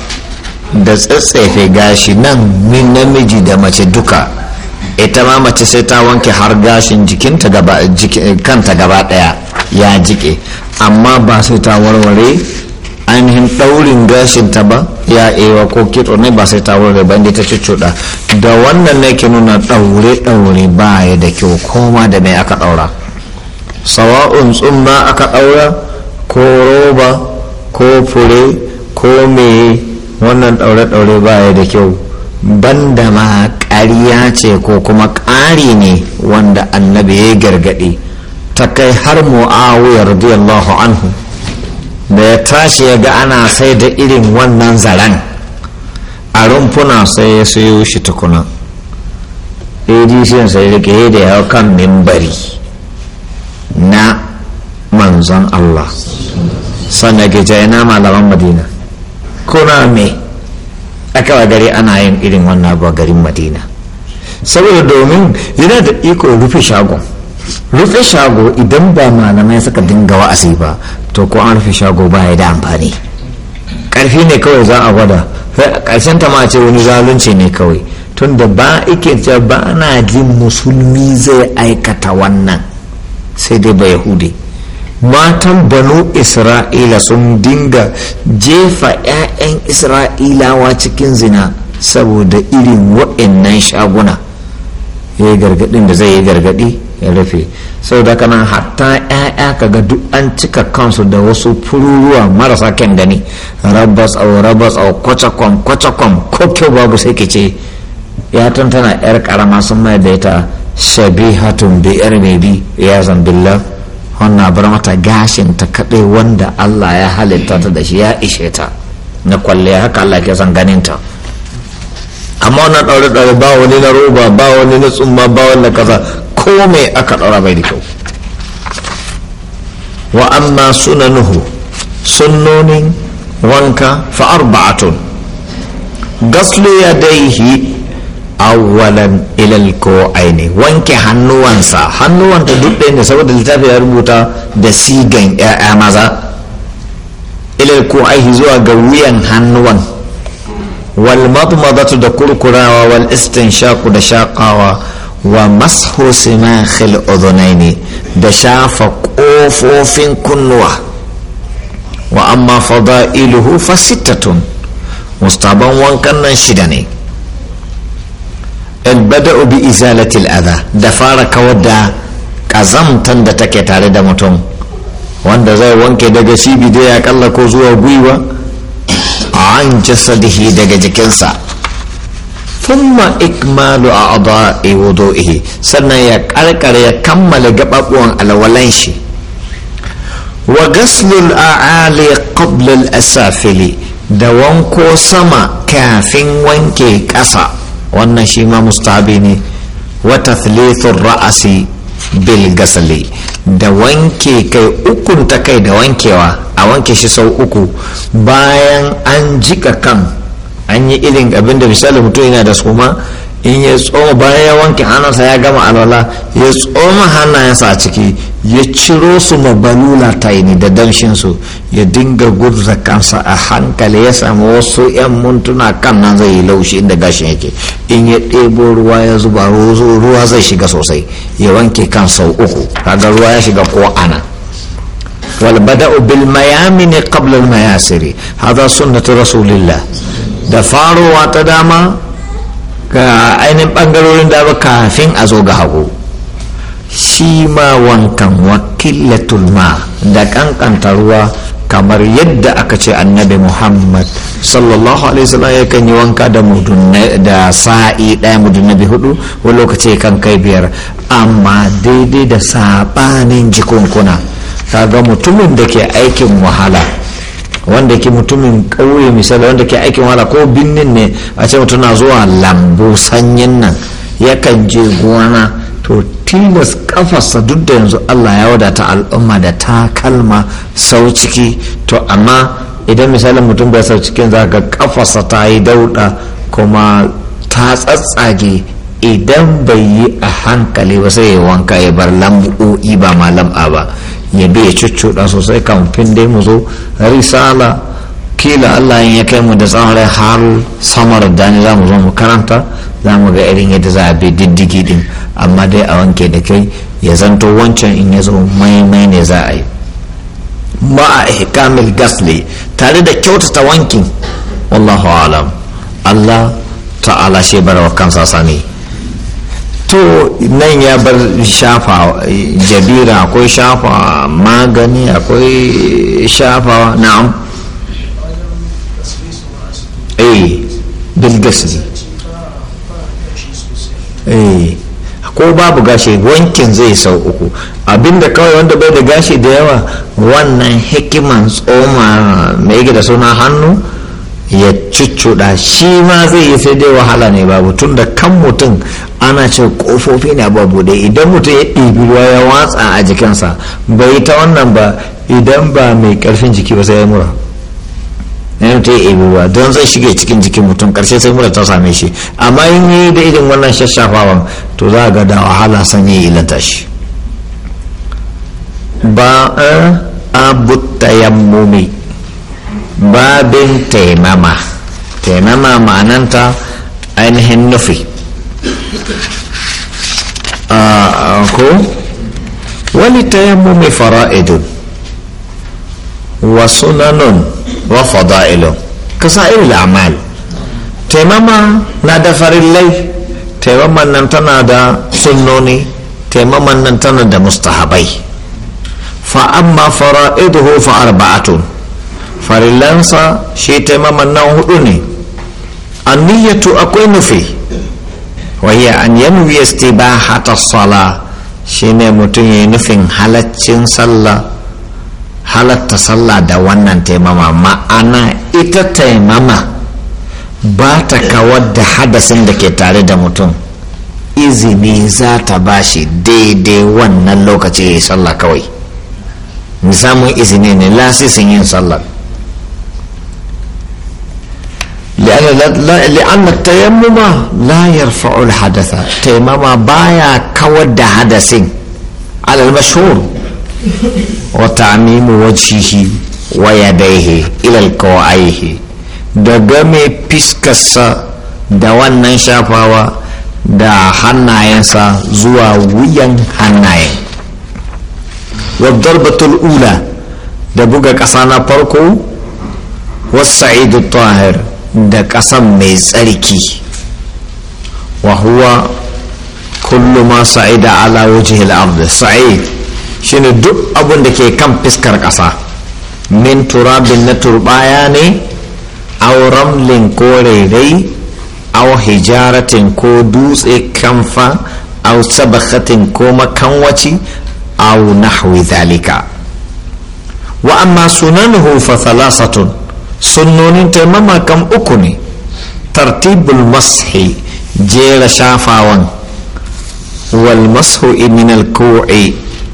Speaker 1: da tsatsefe gashi nan min namiji da mace duka ita ma mace sai ta wanke har gashin jikinta gaba kanta gaba daya ya jike amma ba sai ta warware ainihin daurin ta ba ya ewa ko kitso ne ba sai ta warware ba inda ta cuccuɗa da wannan ne ke nuna daure daure ba ya da kyau koma da mai aka daura sawa'un tsumma aka daura ko roba ko fure ko me wannan daure daure ba ya da kyau banda ma ƙariya ce ko kuma ƙari ne wanda annabi ya gargaɗi ta kai har mu'awiyar radiyallahu anhu da ya tashi ya ga ana sai da irin wannan zaren a rumfuna sai ya sayo shi tukuna adcn sai rike da ya kan mimbari na manzon allah sannan ke malaman madina kuna mai tsakawa dare ana yin irin wannan ba garin madina saboda domin yana da iko rufe shagon rufe shago idan ba malamai suka dinga wa'azi ba to ko an rufe shago ba ya da amfani karfi ne kawai za a gwada karshen ta mace wani zalunci ne kawai tunda ba ike ce ba na jin musulmi zai aikata wannan sai dai ba yahudi matan banu isra'ila sun dinga jefa 'ya'yan isra'ilawa cikin zina saboda irin wa'annan shaguna ya yi gargadin da zai yi gargadi ya rufe saboda kana hatta 'ya'ya kaga duk an cika kansu da wasu fururuwa marasa kyan gani rabas au rabas au kwacakwam kwacakwam ko kyau babu sai kice ya tantana 'yar karama sun mai da ita shabihatun bi mai bi ya zambillah wannan bar mata gashin ta kaɗai wanda allah ya halitta ta da shi ya ishe ta na kwalle haka allah ke son ganin ta amma wannan ɗaure ɗaure ba wani na roba ba wani na tsumma ba wani na kaza ko mai aka ɗaura bai da kyau wa amma sunanuhu sunnonin wanka fa arba'atun ya yadaihi awwalan ilal ko aini wanke hannuwansa hannuwanta duk ɗaya ne saboda littafi ya rubuta da sigan ya'ya maza ilal ko aihi zuwa ga wuyan hannuwan wal madmadatu da kurkurawa wal shaku da shakawa wa mashu simakhil udhunaini da shafa kofofin kunnuwa wa amma fada fa sittatun mustaban wankan nan shida ne bada'u bi izalatil adha da fara kawar da kazamtan da take tare da mutum wanda zai wanke daga shi da ya kalla ko zuwa gwiwa an jasadihi daga jikinsa thumma ikmalu a'da'i wudu'ihi sannan ya karkare ya kammala gababuwan alwalan shi wa ghaslul a'ali qabla al-asafili da wanko sama kafin wanke ƙasa wannan shi ma mustahabi ne wata tathlithur ra'asi bil gasali da wanke kai ukun ta kai da wankewa a wanke shi sau uku bayan an jika kan an yi irin abinda misali mutum yana da suma in ya tsoma bayan ya wanke hannunsa ya gama alwala ya tsoma hannayensa a ciki ya ciro su mabalula ta yi da damshinsu ya dinga gurza kansa a hankali ya samu wasu 'yan muntuna kan nan zai yi laushi inda gashin yake in ya ɗebo ruwa ya zuba ruwa zai shiga sosai ya wanke kan sau uku kaga ruwa ya shiga ko ana والبدأ بالميامن mayasiri hada هذا rasulillah da farowa ta dama. ga ainihin da dama kafin a zo ga hagu shi ma wankan wakilatul ma da kankanta ruwa kamar yadda aka ce annabi muhammad sallallahu alaihi wasallam ya kan yi wanka da da sa'i ɗaya mudunnabi hudu wani lokaci kan kai biyar amma daidai da sabanin jikunkuna ga mutumin da ke aikin wahala wanda ke mutumin kauye misali wanda ke aikin wala ko binnin ne a ce mutum na zuwa lambu sanyin nan yakan je gona to tilas kafarsa duk da yanzu allah ya wadata al'umma da takalma sau ciki to amma idan misalin mutum bai sau cikin za ka kafarsa ta yi dauda kuma ta tsatsage idan bai yi a hankali ba sai ya wanka ya bar lambu'o'i ba ma lam'a ba ya bi ya cuccuɗa sosai kamfin dai mu zo risala kila allah ya kai mu da tsawon har samar da ni za mu zo mu karanta za mu ga irin yadda za a bi diddigi din amma dai a wanke da kai ya zanto wancan in ya zo maimai ne za a yi ma a ihkamil gasli tare da kyautata wankin wallahu alam allah ta'ala shi wa kansa sani to nan ya bar shafa jabira akwai shafa magani akwai shafa na'am eh bilgasi eh ko babu gashi wankin zai sau uku abinda kawai wanda bai da gashi da yawa wannan hikiman tsoma mai gida suna hannu ya cuccuɗa shi ma zai yi sai dai wahala ne babu tun da kan mutum ana ce kofofi na babu dai idan mutum ya ɗibi ruwa ya watsa a jikinsa bai yi ta wannan ba idan ba mai ƙarfin jiki ba sai ya mura na mutum ya ɗibi ruwa don zai shiga cikin jikin mutum ƙarshe sai mura ta same shi amma in yi da irin wannan shashafawan to za a ga da wahala sanya yi shi ba a abu tayammumi babin taimama taimama ma'ananta ainihin nufi ko wani fara fara'idun wa sunanun wa fada'ilun kasa irin amal taimama na da farillai taimaman nan tana da sunnoni taimama nan tana da mustahabai fa amma idu fa arba'atun farillansa shi taimama nan hudu ne anniyatu akwai nufi wahiya an yanwi hata sala ne mutum ya nufin halaccin sallah halatta sallah da wannan taimama ma'ana ita taimama ba ta kawar da hadasin da ke tare da mutum izini za ta shi daidai wannan lokaci ya yi sallah kawai samun izini ne lasisin yin sallah لأن التيمم لا يرفع الحدث تيمم بايا كود حدثين على المشهور وتعميم وجهه ويديه إلى الكوعيه دقمي بيسكس دوان ننشافاوا دا حنائنسا زوا ويان حنائن والضربة الأولى دبوغا كسانا فاركو والسعيد الطاهر da ƙasan mai tsarki wa huwa ma sa'ida ala wajhi al-ard sa'id shine duk abun da ke kan fiskar ƙasa min turabin na turbaya ne aw ramlin ko rairai aw hijaratin ko dutse kamfa aw sabakhatin ko makanwaci aw nahwi dhalika wa amma sunanuhu fa thalathatun سنونين تيما ما كم أكوني ترتيب المسح جيل شافاون والمسح من الكوع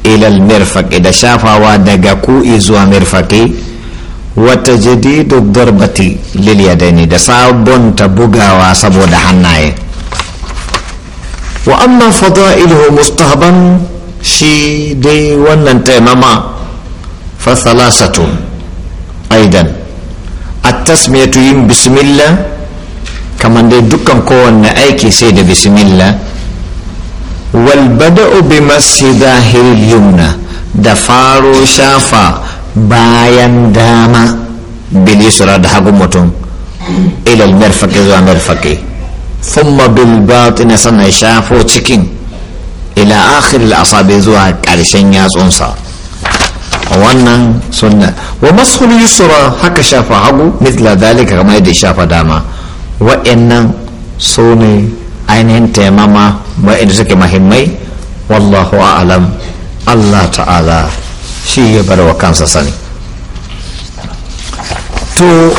Speaker 1: إلى المرفق إذا شافاوا دقا كوع إزوا مرفقي وتجديد الضربة لليدين إذا سابون تبقى واسبو دحناي وأما فضائله مستهبا شي دي ونن تيما ما فثلاثة أيضا a tasmiyatu yin bismillah kamar dai dukkan kowanne aiki sai da bismillah wal bada'u bi masjidahil yumna da faro shafa bayan dama bil da hagu mutum ila al-mirfaqi zuwa mirfaqi thumma bil batin sannan shafo cikin ila akhir al-asabi zuwa karshen yatsunsa wannan sunna wa masul yusra haka shafa hagu mithla dalika kamar yadda shafa dama wa'annan su ne ainihin taimama wa'anda suke mahimmai wallahu a'lam allah ta'ala shi ya bar wa kansa sani to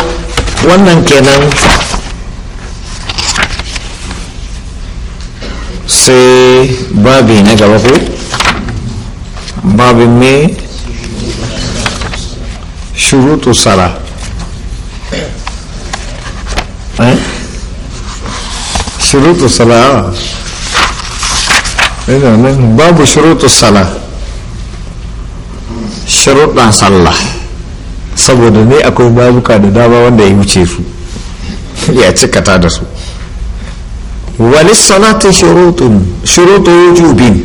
Speaker 1: wannan kenan sai babi na gaba ko babin mai شروط الصلاة شروط الصلاة باب شروط الصلاة شروط صلاة saboda ne akwai babuka da dama wanda ya wuce su *laughs* ya cikata da su wani salati shurutun shurutu wujubin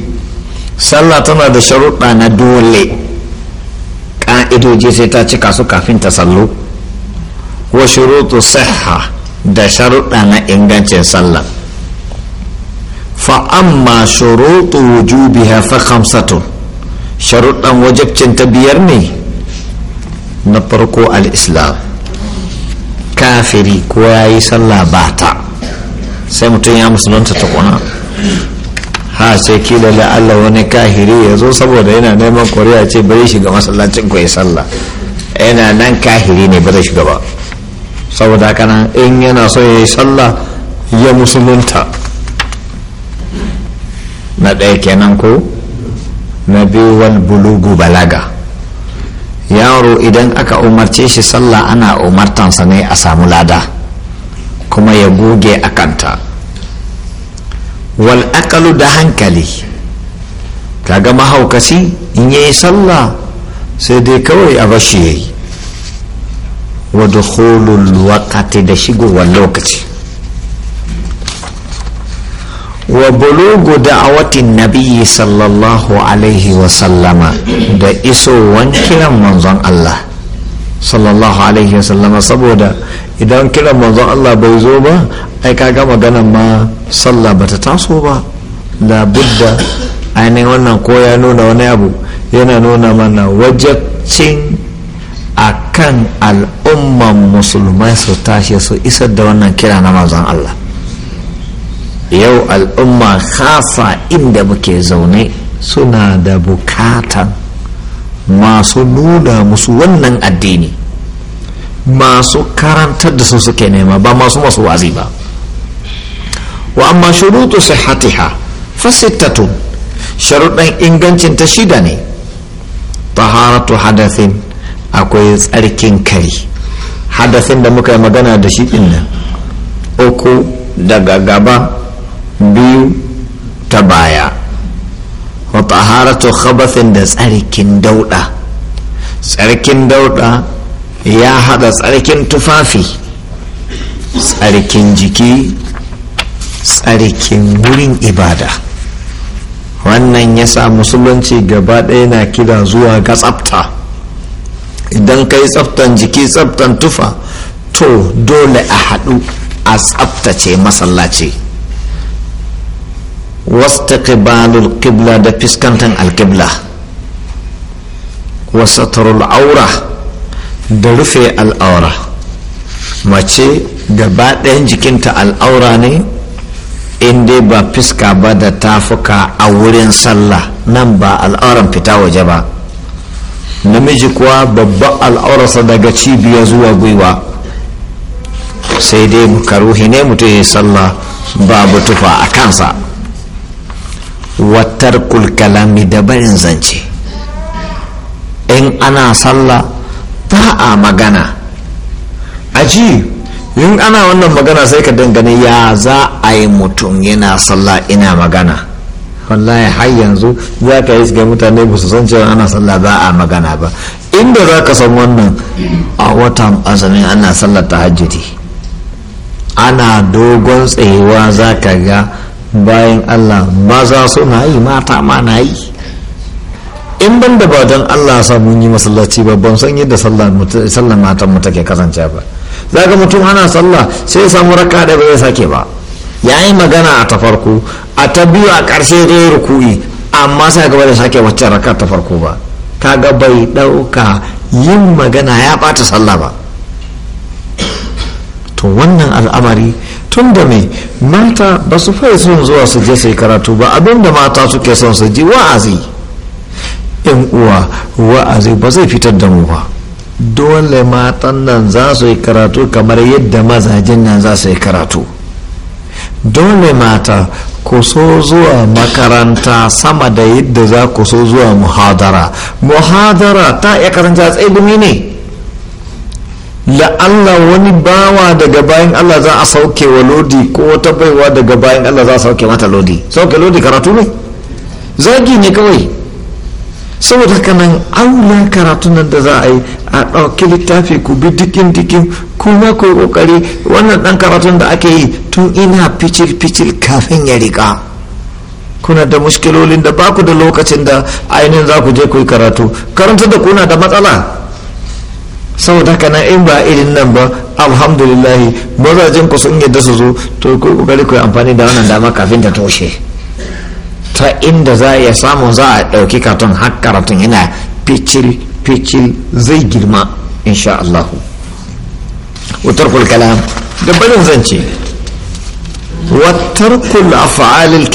Speaker 1: sallah tana da sharuɗa na dole je sai ta cika su kafin ta sallu wa shurutu sihha da sharuɗa na ingancin sallah fa amma shurutu wujubiha fa khamsatun sharuɗan wajibcin ta biyar ne na farko al-islam kafiri ko yayi sallah bata sai mutum ya musulunta ta kuna ha sai kila da Allah wani kahiri ya zo saboda yana neman koriya ce bari shiga masallacin ku ya sallah yana nan kahiri ne bari shiga ba saboda kana in yana so ya yi sallah ya musulunta na ɗaya kenan ko na biyu wal bulugu balaga yaro idan aka umarce shi sallah ana umartansa ne a samu lada kuma ya goge kanta. wal aqalu da hankali kaga mahaukaci in yayi sallah sai dai kawai a bashi yayi wa dukhulul wakati da shigowar lokaci wa bulugu da'awatin nabiyyi sallallahu alaihi wa sallama da isowan kiran manzon Allah sallallahu alaihi wa sallama saboda idan kiran manzon Allah bai zo ba ai kaga maganan ma sallah bata taso ba budda ainihin wannan ko ya nuna wani abu yana nuna mana wajabcin a kan al'umman musulmai su tashi su isar da wannan kira na manzon Allah yau al'umma kasa inda muke zaune suna da bukatan masu nuna musu wannan addini masu karantar da su suke nema ba masu masu wazi ba wa amma shurutu sihhatiha fasittatun sharuɗan ingancin ta shida ne taharatu hadathin akwai tsarkin kari hadathin da muka yi magana da shi ɗin nan uku daga gaba biyu ta baya wa taharatu khabathin da tsarkin dauɗa tsarkin dauɗa ya haɗa tsarkin tufafi tsarkin jiki tsarkin wurin ibada wannan ya sa musulunci gaba ɗaya na kira zuwa ga tsafta idan ka yi tsaftan jiki tsaftan tufa to dole a haɗu a tsaftace masallaci wasta ƙibalul ƙibla da fiskantan alƙibla wasatarul aura da rufe al'aura mace gaba ɗayan jikinta al'aura ne in dai ba fiska ba da tafuka a wurin sallah nan ba al'auran fita waje ba namiji kuwa babban al'aurarsa daga cibiyar zuwa gwiwa sai dai karuhi ne mutum ya sallah babu tufa a kansa watar kulkalami da barin zance in ana sallah ba a magana a ji yin ana wannan magana sai ka dangane ya za a yi mutum yana sallah ina magana wallahi har yanzu za ka yi ga mutane ba su san cewa ana sallah ba a magana ba inda za ka san wannan a watan azumin ana sallar ta hajjiti ana dogon tsayewa za ka ga bayan allah maza suna yi mata ma na yi in ban da ba don allah sa mun yi masallaci ba ban san yadda sallar matan mu take kasance ba za ga mutum ana sallah sai ya samu raka da bai sake ba ya yi magana a ta farko a ta biyu a ƙarshe zai ruku'i amma sai gaba da sake wacce raka ta farko ba kaga bai ɗauka yin magana ya ɓata sallah ba to wannan al'amari tun da mai mata ba su fai son zuwa su je su yi karatu ba abinda mata suke son su ji wa'azi yan uwa wa'azi ba zai fitar da mu ba dole matan nan za su yi karatu kamar yadda mazajen nan za su yi karatu dole mata ku so zuwa makaranta sama da yadda za ku so zuwa muhadara muhadara ta iya karanta tsaye ne la'alla wani bawa daga bayan allah za a sauke wa lodi ko wata baiwa daga bayan allah za a sauke mata lodi sauke lodi karatu ne zagi ne kawai saboda nan aula karatun nan da za a yi a ɗauki littafi ku bi dikin dikin kuma ku ƙoƙari wannan ɗan karatun da ake yi tun ina ficil ficil kafin ya riƙa kuna da mushkilolin da baku da lokacin da ainihin za ku je ku yi karatu karanta da kuna da matsala saboda haka nan in ba irin nan ba alhamdulillahi mazajen ku sun yadda su zo to ku ƙoƙari ku yi amfani da wannan dama kafin ta toshe ta inda za iya samu za a ɗauki katon har karatun yana ficil zai girma insha Allahu wutar kalam da barin zance watar kul af'alil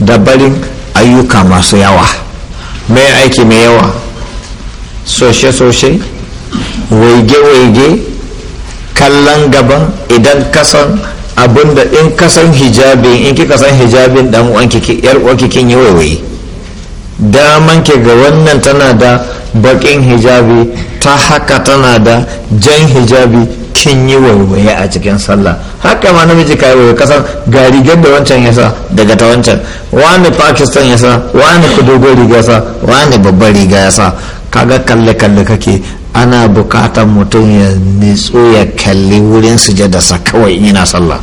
Speaker 1: da barin ayyuka masu yawa mai aiki mai yawa soshe-soshe waige-waige kallon gaban idan kasan abinda in kasan hijabi in kika san hijabin dan uwan ki yar uwan ki kin yi waiwaye daman ki ga wannan tana da bakin hijabi ta haka tana da jan hijabi kin yi waiwaye a cikin sallah haka ma namiji ka yi kasan ga rigar da wancan yasa daga ta wancan wani pakistan yasa wani kudogon riga yasa wani babban riga yasa kaga kalle kalle kake ana bukatar mutum ya nitso ya kalli wurin sujadarsa kawai yana sallah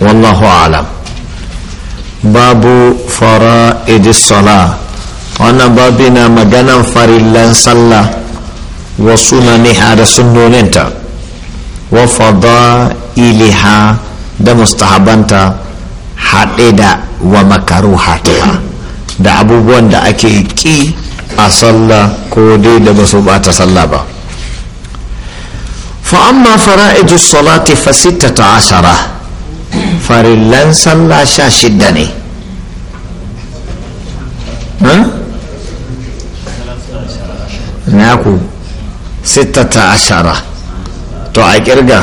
Speaker 1: wallahu alam babu fara'idis sala wannan babu na maganan farillan sallah wa sunaniha da sunnoninta wa fada'iliha da mustahabanta haɗe da wa makaruhatiha da abubuwan da ake ki a sallah ko dai da ba su bata sallah ba fa amma fara'iju salati fa sittata ashara farillan sallah sha shidda ne naku sittata ashara to a kirga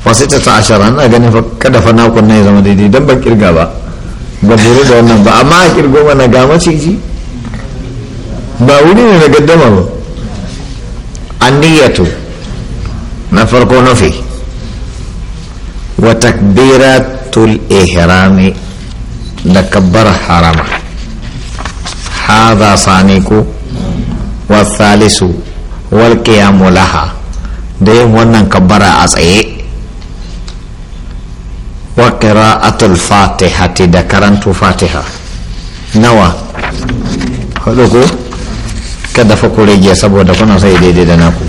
Speaker 1: fa sittata ashara na ganin fa kada fa naku ne zama daidai don ba kirga ba ba da wannan ba amma a kirgo mana ga maciji باولين نقدمه النية نفرق نفي وتكبيرات الإحرام نكبر حرام هذا صانيك والثالث والقيام لها دين ونن كبر أسعي وقراءة الفاتحة ذكرت فاتحة نوى هلوكو kada fa ku rage saboda kuna sai daidai da naku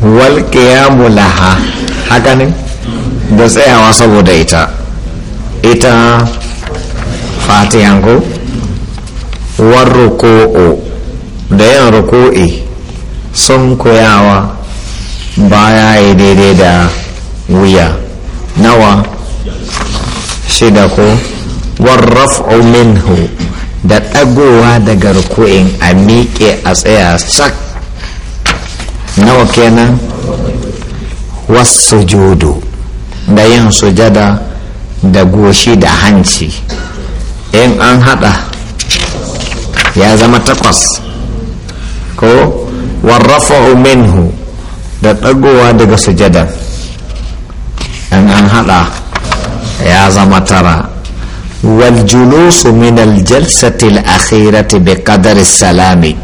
Speaker 1: wal qiyamu laha haka ne da tsayawa saboda ita ita fatihan ko war ruku'u da yin ruku'i sun koyawa baya ya daidai da wuya nawa shida ko raf'u minhu da ɗagowa daga ruku'in a miƙe a tsaya sak nawa kenan wasu jodo da yin sujada da goshi da hanci in an haɗa ya zama takwas ko warrafa minhu da ɗagowa daga sujada in an haɗa ya zama tara والجلوس من الجلسة الأخيرة بقدر السلام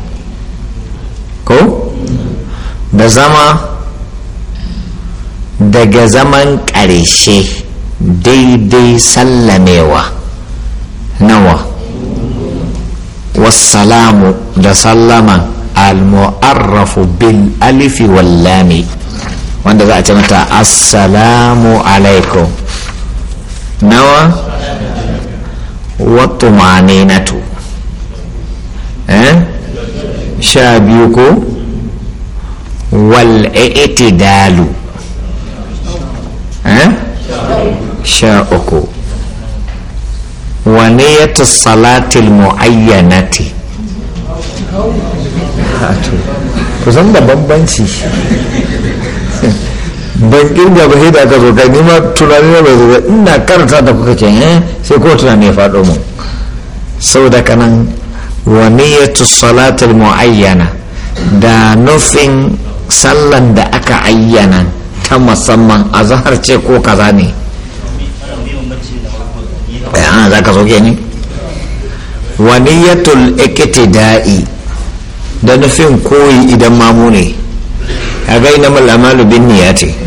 Speaker 1: كو دزما دجا زمن قريشي دي دي سلميوا نوا والسلام دسلما المعرف بالألف واللام wanda za a ce mata assalamu alaikum nawa watumaninatu eh sha biyu ko wal i'tidalu eh sha uku wa niyatu salatil muayyanati ku zan da bambanci ban da ba da aka zo kai ni ma tunani na bai zo ina karanta da kuka eh sai ko tunani ya faɗo mu saboda kanan wa niyyatu salatul muayyana da nufin sallan da aka ayyana ta musamman a zahar ce ko kaza ne a za ka zo ne wa niyyatul iktida'i da nufin koyi idan mamu ne a gaina malamalu bin niyati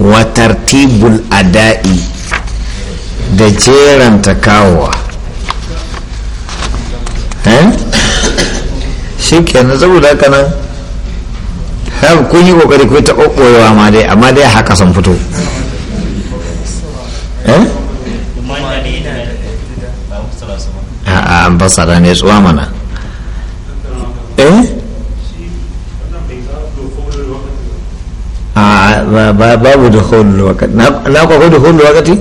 Speaker 1: wa tartibul ada'i da jeranta kawowa eh? shi kenan saboda haka nan kun yi kokari ko ta ɓoɓɓoyewa ma dai amma dai haka sun fito eh? a'a an ne tsuwa mana eh babu da hulun na kwakwai da hulun wakati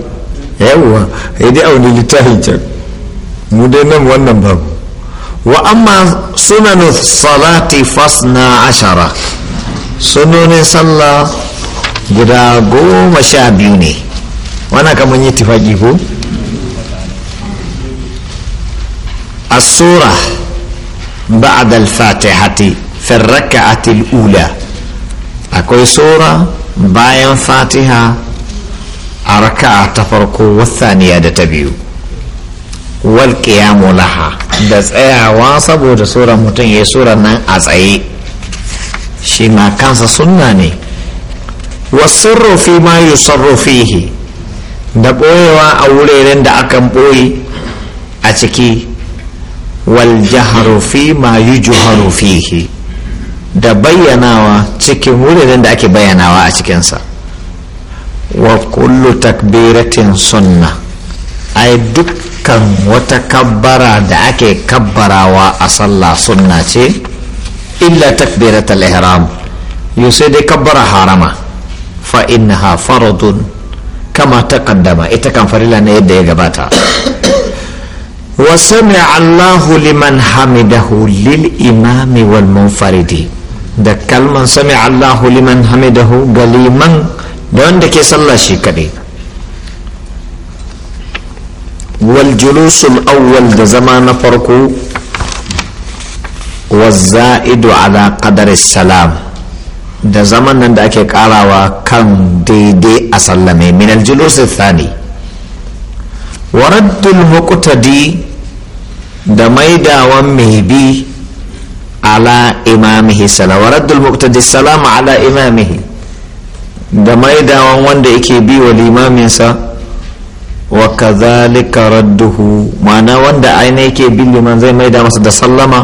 Speaker 1: yawwa ya dai auni littafin can mu dai nan wannan babu wa amma sunanin salati fasna ashara sunonin sallah guda goma sha biyu ne wana kamar yi tufaki ko السورة بعد الفاتحة في الركعة الأولى akwai sura bayan fatiha a raka ta farko wasaniya da ta biyu wal laha da tsayawa saboda sura mutum ya sura nan a tsaye shi ma kansa sunna ne Wasu rufi ma yi sarrufihi da ɓoyewa a wuraren da aka ɓoye a ciki wal jaharu ma yi fihi da bayyanawa cikin wuraren da ake bayyanawa a cikinsa wa kullu takbiratin sunna ai dukkan wata kabbara da ake kabbarawa a sallah sunna ce illa takbiratul ihram yau dai kabbara harama fa innaha faradun kama taqaddama ita kan farila ne yadda ya gabata wa Allahu liman hamidahu lil imami wal munfaridi da kalman sami allahu liman hamidahu ga liman da wanda ke sallah shi kaɗai wal julusul awwal da zama na farko wa za'idu ala qadari salam da zaman nan da ake karawa kan daidai a sallame min aljulus thani wa raddul muqtadi da maidawan mai bi ala imamihi salam wa raddul muqtadi salam ala imamihi da maidawan wanda yake bi wa limaminsa wa kadhalika radduhu ma'ana wanda aina yake bi liman zai maida masa da sallama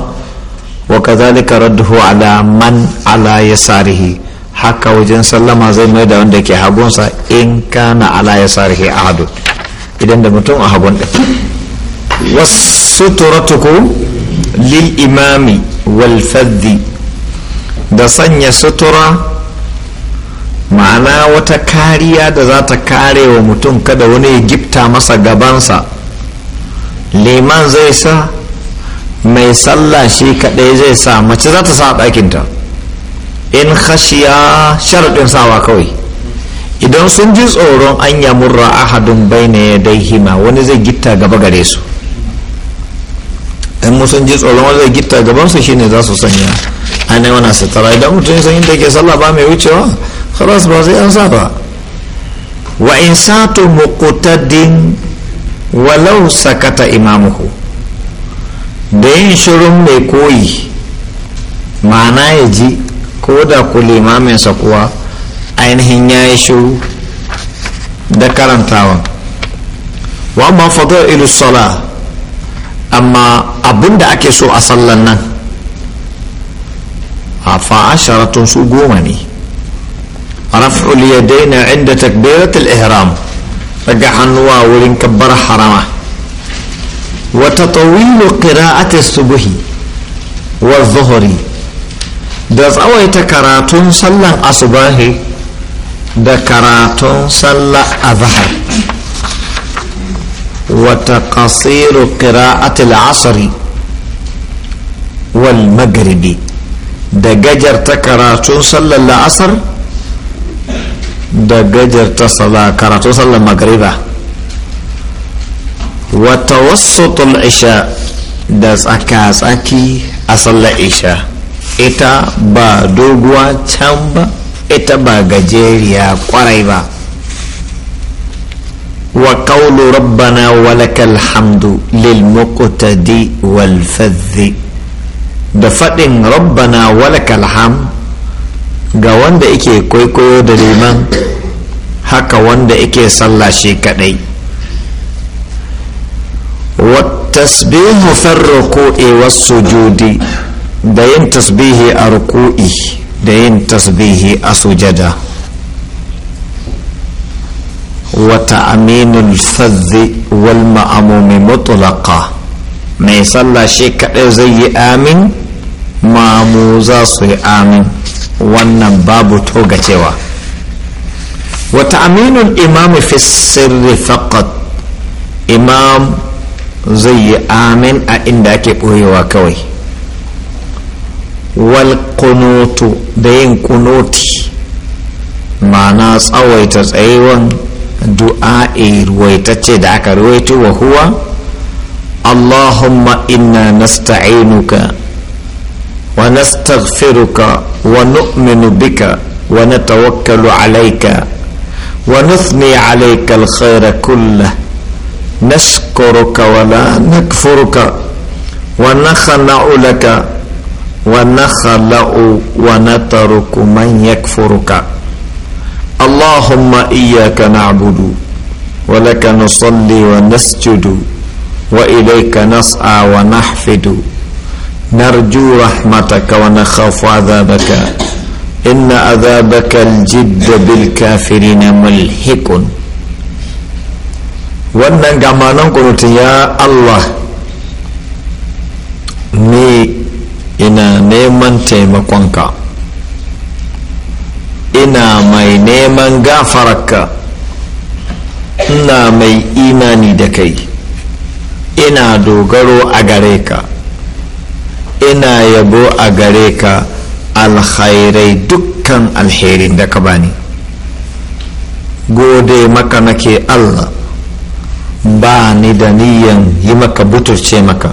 Speaker 1: wa kadhalika radduhu ala man ala yasarihi haka wajen sallama zai maida wanda yake hagunsa in kana ala yasarihi ahadu idan da mutum a hagun din wasu turatuku lil imami wal da sanya sutura ma'ana wata kariya da za ta kare wa mutum kada wani ya gifta masa gabansa liman zai sa mai sallah shi kadai zai sa mace za ta sa ɗakinta in khashiya sharaɗin sawa kawai idan sun ji tsoron an yamurra ahadun bai na ya dai hima wani zai gita gaba gare su in musan ji tsoron wanda zai gitta gabansa shine za su sanya ainihin wana sutura idan mutum ya san da ke sallah ba mai wucewa khalas ba zai an sa ba wa in satu muqtadin walau sakata imamuhu da yin shirin mai koyi ma'ana ya ji ko da ku sa kuwa ainihin ya yi shiru da karantawa wa ma fadar ilusala amma abinda ake so a sallan nan a fa'asharatun su goma ne raf'ul yadaina inda takbiratul ihram daga hannuwa wurin kabbar harama wa tatawilu qira'ati subhi wa zuhri da tsawaita karatun sallan asubahi da karatun salla azhar وتقصير قراءة العصر والمغرب دجر تكرات صلى العصر دجر تصلى كرات صلى المغرب وتوسط العشاء دس أكاس أكي أصلى العشاء إتا با دوغوا تامبا إتا با غجيريا قريبا وقول ربنا ولك الحمد للمقتدي والفذ da faɗin rabbana walaka alham ga wanda yake kwaikwayo da liman haka wanda yake sallah shi kadai tasbihu farruku'i wasu judi da yin tasbihi a ruku'i da yin tasbihi a sujada wata aminu sazi wal ma'amomi matulaka mai sallah shi kaɗai zai yi amin ma'amu za su yi amin wannan babu to ga cewa wata aminu imamu fi sirri fakat imam zai yi amin a inda ake ɓoyewa kawai wal kunotu da yin kunoti ma'ana tsawaita tsayewan du'a'i ruwaitacce da aka ruwaito wa huwa allahumma inna nasta'inuka wa nastaghfiruka wa nu'minu bika wa natawakkalu alayka wa nuthni alayka alkhayra kullah نشكرك ولا نكفرك wa لك wa nataruku man yakfuruka اللهم إياك نعبد ولك نصلي ونسجد وإليك نسعى ونحفد نرجو رحمتك ونخاف عذابك إن عذابك الجد بالكافرين ملحق wannan gamanan kunutun ya Allah ni ina neman taimakonka ina mai neman gafararka ina mai imani da kai ina dogaro a gare ka ina yabo a gare ka alkhairai dukkan alherin da ka bani gode maka nake allah ba ni da niyan yi maka buturce maka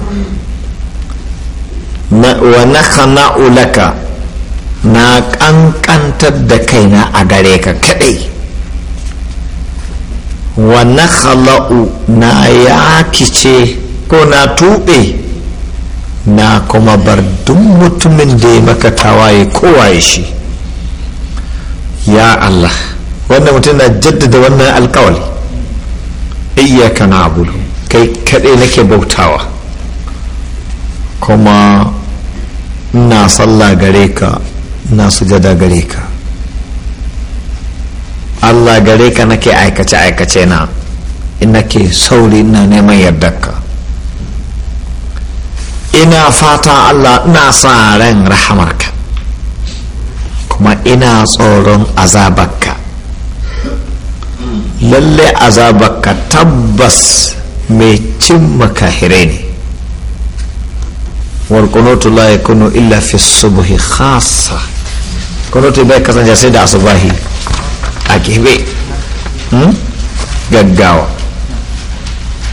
Speaker 1: wa na laka na ƙanƙantar da kaina a gare ka kadai wa na khala'u na yakice ko na tube, na kuma bar duk mutumin da ya maka tawaye kowaye shi ya Allah wannan mutum na jaddada wannan alkawali iyaka na abudu kai kadai nake bautawa kuma ina sallah gare ka na sujada gare ka allah gare ka nake aikace-aikace na nake sauri na neman yardarka ina fata allah ina sa ran rahamarka kuma ina tsoron azabarka lalle azabarka tabbas mai cimma makahire ne والقنوت لا kunu إلا fi subuhi خاصة kunuti bai kasance sai da asubahi a kebe gaggawa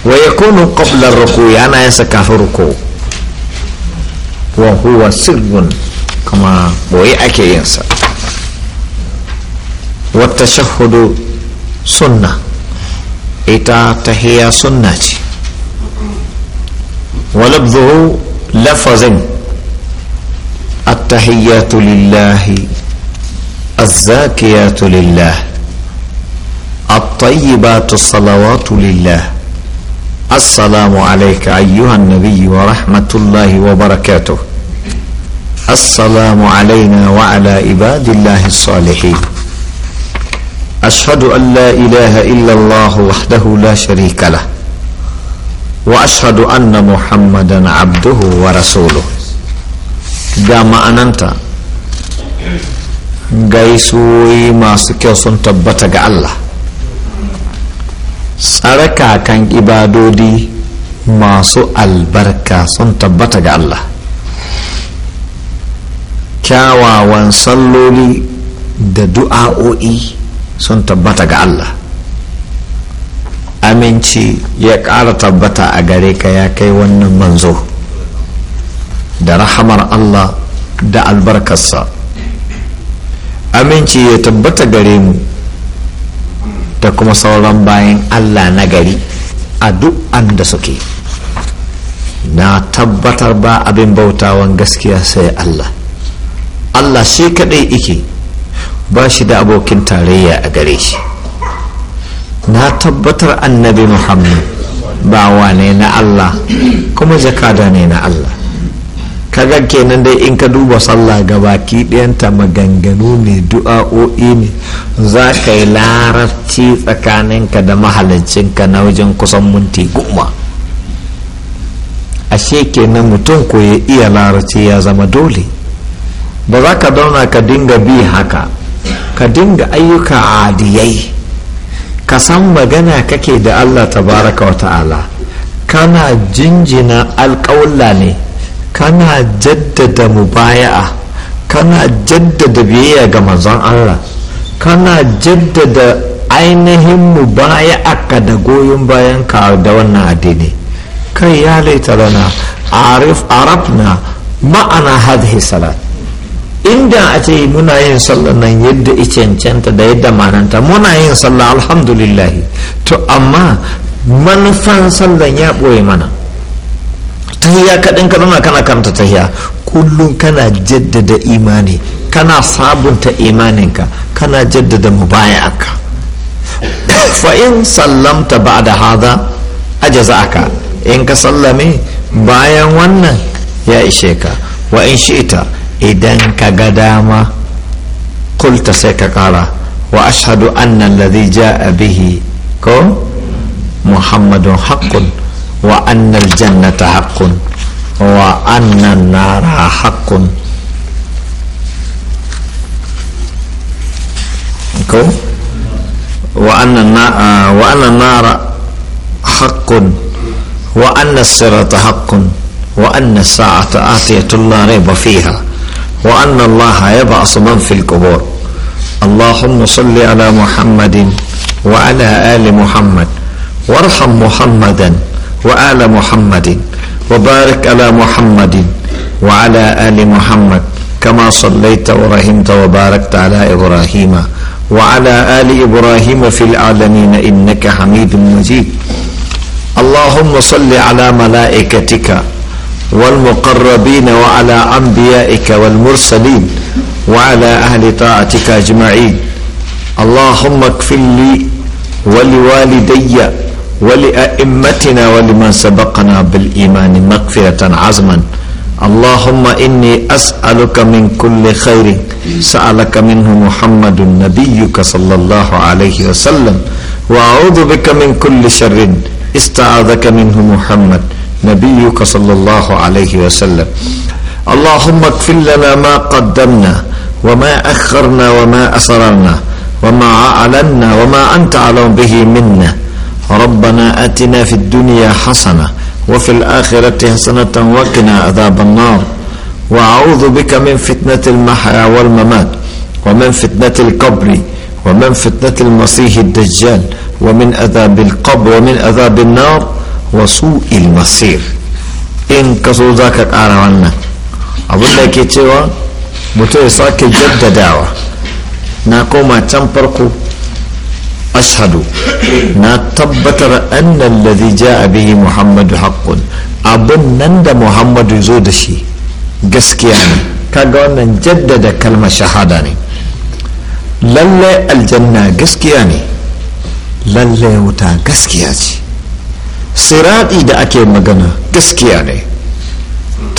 Speaker 1: wa ya kunu qablar ruku ana yansa kafin ruku wa huwa sirrun kuma boye ake yinsa wata shahudu sunna ita tahiya sunna ce ولفظه lafazin التحيات لله الزاكيات لله الطيبات الصلوات لله السلام عليك أيها النبي ورحمة الله وبركاته السلام علينا وعلى عباد الله الصالحين أشهد أن لا إله إلا الله وحده لا شريك له وأشهد أن محمدا عبده ورسوله دام أننت gaisuwoyi masu kyau sun tabbata ga allah kakan ibadodi masu albarka sun tabbata ga allah kyawawan salloli da du'a'o'i sun tabbata ga allah aminci ya ƙara tabbata a gare ka ya kai wannan manzo da rahamar allah da albarkarsa aminci ya tabbata gare mu da kuma sauran bayan allah na gari a duk an da suke na tabbatar ba abin bautawan gaskiya sai allah allah shi kadai ike ba shi da abokin tarayya a gare shi na tabbatar annabi muhammad ba wane na allah kuma jakada ne na allah kaga kenan dai in ka duba sallah gabaki ɗayanta maganganu ne du'a'o'i ne za ka yi larabci tsakaninka da mahalicinka na wajen kusan minti goma ashe kenan mutum ko ya iya larabci ya zama dole ba za ka dauna ka dinga bi haka ka dinga ayyuka adiyai ka san magana kake da allah tabaraka wa ta'ala kana jinjina alƙawla ne kana jaddada mubaya'a kana jaddada biyayya ga manzon Allah kana jaddada ainihin mubaya'a ka da goyon bayan ka da wannan addini kai ya laita lana arif arabna ma'ana hadhi salat inda a ce muna yin sallar nan yadda icencenta da yadda mananta muna yin sallah alhamdulillah to amma manufan sallan ya ɓoye mana tahiya kaɗin ka zama kana karanta tahiya kullum kana jaddada imani kana sabunta imaninka kana jaddada mubaya'aka fa in sallamta ba da haza hadha aka in ka sallame bayan wannan ya ishe ka wa in shi'ita idan ka ga dama kulta sai ka kara wa ashadu annan alladhi a bihi ko muhammadun haƙƙun. وأن الجنة حق وأن النار حق وأن النار آه، وأن النار حق وأن الصراط حق وأن الساعة آتية لا ريب فيها وأن الله يبعث من في القبور اللهم صل على محمد وعلى آل محمد وارحم محمدا وآل محمد وبارك على محمد وعلى آل محمد كما صليت ورحمت وباركت على إبراهيم وعلى آل إبراهيم في العالمين إنك حميد مجيد اللهم صل على ملائكتك والمقربين وعلى أنبيائك والمرسلين وعلى أهل طاعتك أجمعين اللهم اكفل لي ولوالدي ولأئمتنا ولمن سبقنا بالإيمان مغفرة عزما اللهم إني أسألك من كل خير سألك منه محمد نبيك صلى الله عليه وسلم وأعوذ بك من كل شر استعاذك منه محمد نبيك صلى الله عليه وسلم اللهم اغفر لنا ما قدمنا وما أخرنا وما أسررنا وما أعلنا وما أنت أعلم به منا ربنا أتنا في الدنيا حسنة وفي الآخرة حسنة وقنا عذاب النار وأعوذ بك من فتنة المحيا والممات ومن فتنة القبر ومن فتنة المسيح الدجال ومن عذاب القبر ومن عذاب النار وسوء المصير إن كسو ذاك أعرفنا أقول لك يتوى متوى ساكي جد دعوة ناكو ما تنفرقوا ashadu na tabbatar annan alladhi jaa bihi muhammadu haqqun abun nan da muhammadu zo da shi gaskiya ne kaga wannan jaddada kalmar shahada ne lalle aljanna gaskiya ne lalle wuta gaskiya ce siradi da ake magana gaskiya ne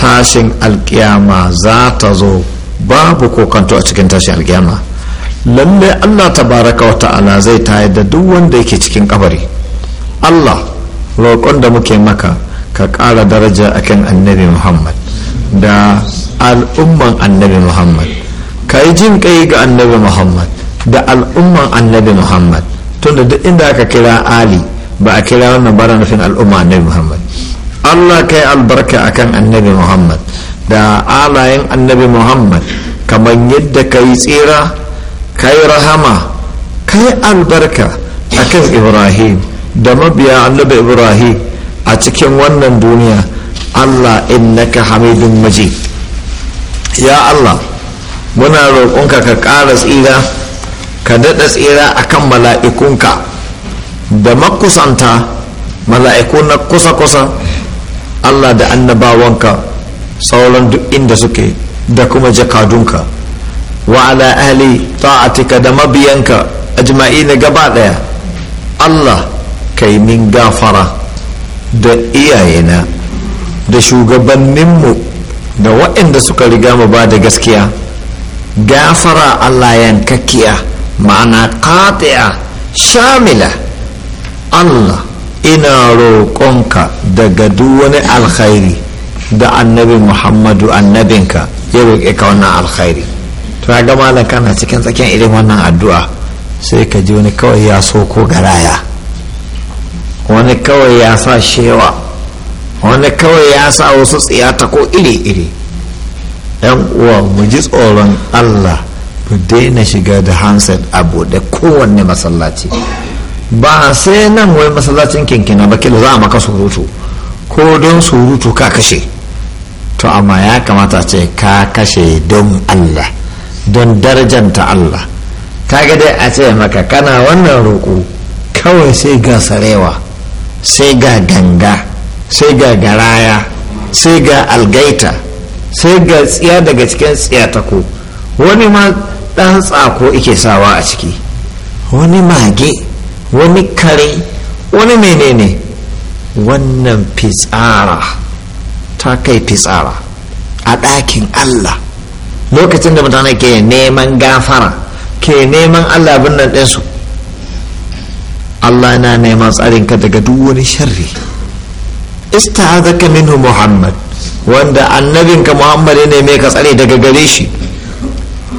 Speaker 1: tashin alkiyama za ta zo babu kokanto a cikin tashin alkiyama lalle allah ta tabaraka wa ta'ala zai tayar da duk wanda yake cikin kabari allah roƙon da muke maka ka ƙara daraja a kan annabi muhammad da al'umman annabi muhammad ka yi jin kai ga annabi muhammad da al'umman annabi muhammad da duk inda aka kira ali ba a kira wannan bara nufin al'umma annabi muhammad allah ka yi albarka akan annabi muhammad da alayen annabi muhammad kamar yadda ka yi tsira ka yi rahama ka albarka a kan ibrahim da mabiya annabi ibrahim a cikin wannan duniya allah innaka hamidun maji ya allah muna roƙonka ka ƙara tsira ka daɗa tsira a kan mala'ikunka da makusanta mala'iku na kusa-kusa allah da annabawanka sauran duk inda suke da kuma jakadunka wa ala ahli ta'atika da mabiyanka ajma'ina gaba daya Allah kai min gafara da iyayena da shugabanninmu da waɗanda suka riga mu ba da gaskiya gafara Allah yankakkiya ma'ana qati'a shamila Allah ina roƙonka daga duk wani alkhairi da annabi Muhammadu annabinka ya roƙe ka wannan alkhairi to ya ga malam kana cikin tsakiyar irin wannan addu'a sai ka ji wani kawai ya so ko garaya wani kawai ya sa shewa wani kawai ya sa wasu tsiyata ko iri-iri yan uwa mu ji tsoron allah mu daina shiga da handset a buɗe kowanne masallaci ba sai nan wai masallacin kinkina ba kila za a maka surutu ko don surutu ka kashe to amma ya kamata ce ka kashe don allah don darajanta Allah kaga dai a ce maka kana wannan roƙo kawai sai ga sarewa sai ga ganga sai ga garaya sai ga algaita sai ga tsiya daga cikin tsiya tsiyatako wani ma ɗan tsako ike sawa a ciki wani mage wani kare wani menene wannan fitsara ta kai fitsara a ɗakin allah lokacin da mutane ke neman gafara ke neman allah bin ɗinsu allah na neman tsarinka daga duk wani sharri ista'azaka minhu muhammad wanda annabinka muhammad ne neme ka tsare daga gare shi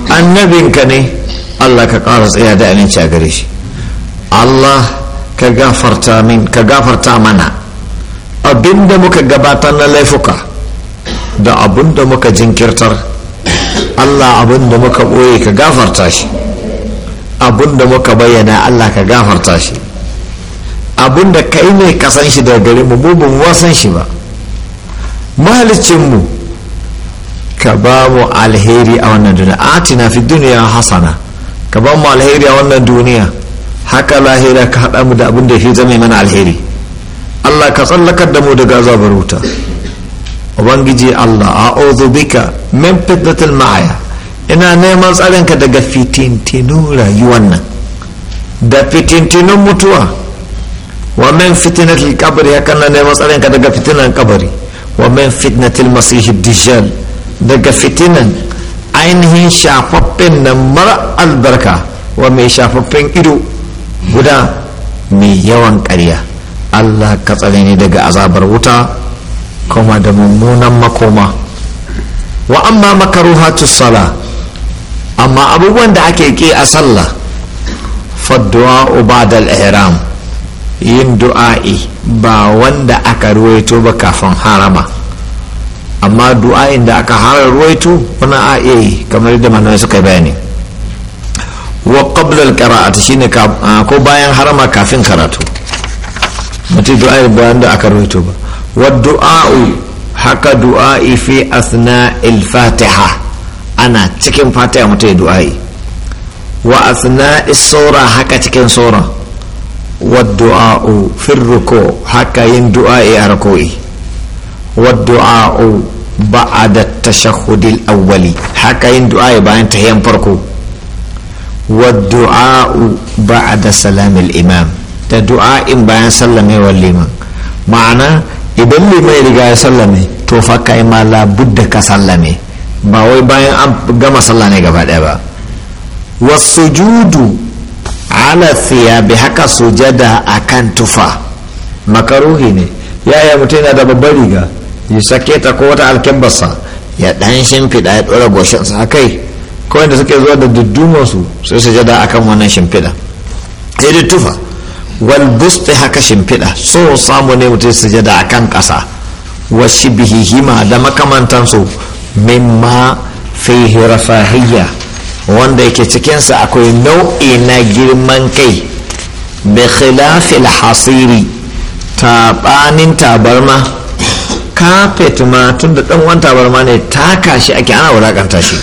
Speaker 1: annabinka ne allah ka ƙara tsaya da aminci a gare shi allah ka gafarta min ka gafarta mana abinda muka gabatar na laifuka da abinda muka jinkirtar Allah abin da muka ɓoye ka gafarta shi abin da muka bayyana Allah ka gafarta shi abin da kai ne ka san shi daga gare mu mu san shi ba mu ka ba mu alheri a wannan duniya atina fi duniya hasana ka ba mu alheri a wannan duniya haka lahira ka haɗa mu da abin da fi zama mana alheri Allah ka tsallakar da mu daga zabar wuta ubangiji allah a bika min fitnatul ma'aya ina neman tsarinka daga fitintinun rayuwan nan da fitintinun mutuwa wa min fitnatul kabari hakan na neman tsarinka daga fitinan kabari wa min fitnatul masihi dijjal daga fitinan ainihin shafaffen nan mara albarka wa mai shafaffen ido guda mai yawan karya allah ka tsare ni daga azabar wuta kuma da mummunan makoma wa amma makaruhatu sala amma abubuwan da ake ke a sallah faddu'a ubadal al-ihram yin du'a'i ba wanda aka ruwaito ba kafin harama amma du'a'in da aka harar ruwaito wani a iya kamar yadda malamai suka bayani wa qabla al-qira'ati shine ko bayan harama kafin karatu mutum du'a'in bayan da aka ruwaito ba والدعاء haka du'a'i fi asna fatiha ana cikin fatiha mutum ya du'a'i wa asna saura haka cikin saura wa du'a'u fin ruko haka yin du'a'i a rako'i wa du'a'u ba'ada tashahudil awwali haka yin du'a'i bayan tahiyan farko wa du'a'u ba'ada salamil imam da du'a'in bayan sallamewar liman ma'ana idan mai riga ya sallame to fa kai ma budda ka sallame ba wai bayan an gama sallah ne gaba daya ba wasu judu ala bi haka sujada a kan tufa makaruhi ne ya yaya mutum yana da babbar riga ya sake ta ko wata alkibarsa ya dan shimfiɗa ya ɗora goshinsa a kai kawai da suke zuwa da duddumansu sai sujada akan wannan shimfiɗa sai da tufa wal haka shimfiɗa so samu ne mutum sujada a kan ƙasa wa shibihihima da makamantansu mimma fihi rafahiyya wanda yake cikinsa akwai nau'i na girman kai bi khilafil hasiri tabanin tabarma kafet ma tun da ɗan wani tabarma ne taka shi ake ana wulakanta shi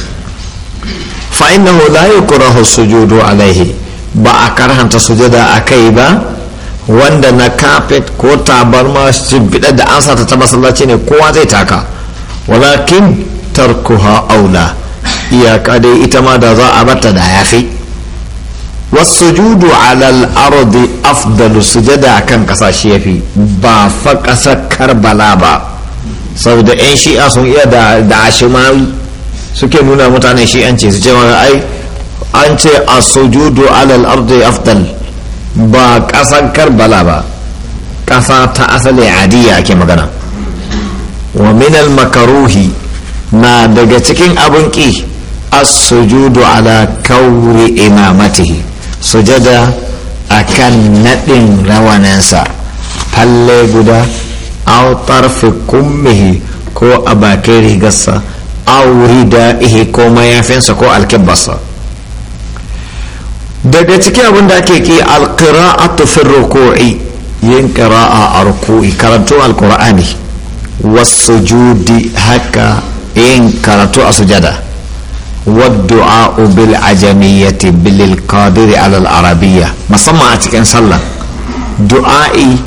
Speaker 1: fa'inahu la yukrahu sujudu alaihi ba a karhanta sujada a kai ba wanda na kafet ko tabarma shimfiɗa da an sata ta masallaci ne kowa zai taka walakin tarkuha aula iyaka dai ita ma da za a bata da yafi wasu judu alal ardi afdalu sujada kan kasa shi yafi ba fa kasar karbala ba saboda yan shi'a sun iya da ashimari suke nuna mutane shi'anci su ce ai an ce a sujudu alal ardi afdal ba ƙasan karbala ba ƙasa ta asali adiya ake magana wa minal makaruhi na daga cikin abin ƙi as ala kauri imamatihi sujada akan naɗin rawaninsa falle guda aw tarfi kummihi ko a bakin rigarsa aw rida'ihi ko mayafinsa ko alkibarsa daga cikin abin da ake ki alkira a tufin rukuri yin kira a rukuri karatu alkur'ani wasu judi haka yin karatu a sujada wadda a ubil ajamiyyati bilil kadiri alal arabiya musamman a cikin sallah du'a'i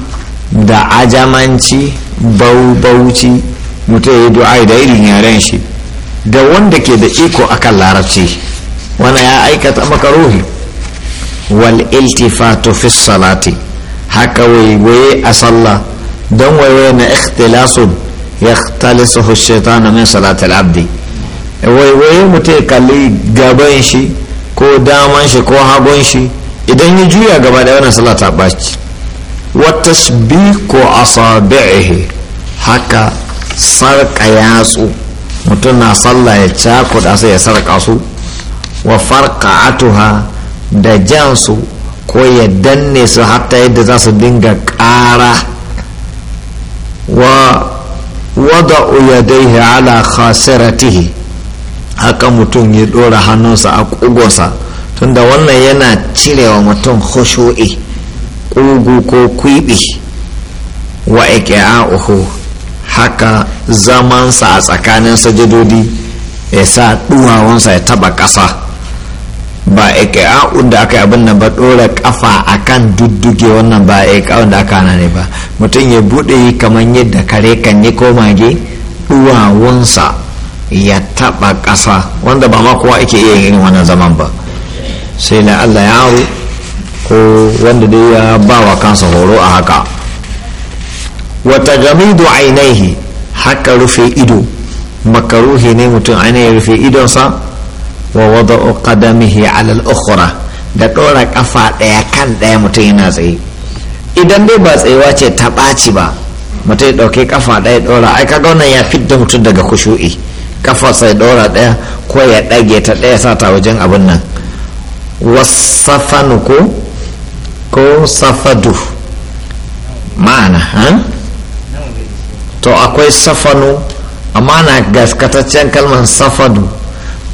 Speaker 1: da ajamanci bauci mutum ya du'a'i da irin yaren shi da wanda ke da iko akan larabci wani ya aikata maka ruhi والالتفات في الصلاة هكا وي وي أصلى دون وين اختلاص يختلصه الشيطان من صلاة العبد وي وي متيك اللي قابنشي كو دامانشي كو هابنشي إذا نجوية قبل أن صلاة عباش وتسبيك أصابعه هكا سرق ياسو متنا صلى يتشاكد أسي سرق أصو وفرقعتها da jansu ko ya danne su hatta yadda za su dinga ƙara wa wada yadaihi ala khasiratihi haka mutum ya ɗora hannunsa a ƙugonsa tunda wannan yana cirewa mutum khushu'i ƙugu ko kwiɓi wa uhu haka zamansa a tsakanin sajadodi ya sa ɗuwawansa ya taɓa ƙasa ba ika'a'u da aka abin nan ba dora kafa kan dudduge wannan ba ika'u da aka hana ne ba mutum ya bude kamar yadda kare kan ne ko mage duwawunsa ya taɓa ƙasa wanda ba ma kowa ake iya yin wannan zaman ba sai na allah ya hau ko wanda dai ya ba wa kansa horo a haka wata gami da ainihi haka rufe ido makaruhi ne mutum ainihin rufe idonsa wa wada qadamihi ala al-ukhra da dora kafa daya kan daya mutum yana tsaye idan dai ba tsayewa ce ta ɓaci ba mutum ya ɗauki kafa daya dora ai kaga wannan ya fidda mutum daga kushu'i kafa sai dora daya ko ya ɗage ta daya sa wajen abin nan wasafanu ko ko safadu ma'ana ha to akwai safanu amma na gaskataccen kalmar safadu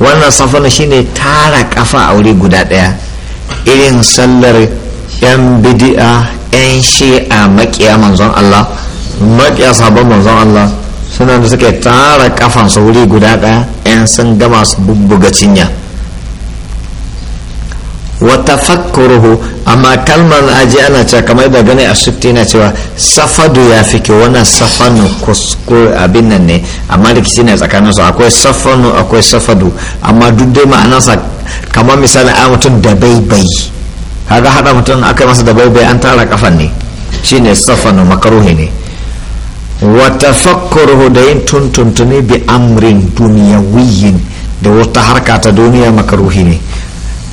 Speaker 1: wannan safana shine tara kafa a wuri guda daya irin sallar yan bidi'a yan shi'a makiya manzon Allah makiya sabon manzon Allah suna da suke tara kafan wuri guda daya yan sun gama su bubbuga cinya wa amma kalmar aji ana cewa kamar da gane a shifti na cewa safadu ya fi ke wannan safanu kuskure abin nan ne amma kisi ne tsakanin su akwai safanu akwai safadu amma duk dai ma'anarsa kamar misali a mutum da baibai haga hada mutum aka masa da baibai an tara kafan ne shine safanu makaruhi ne wa da yin tuntuntuni bi amrin duniyawiyin da wata harka ta duniya makaruhi ne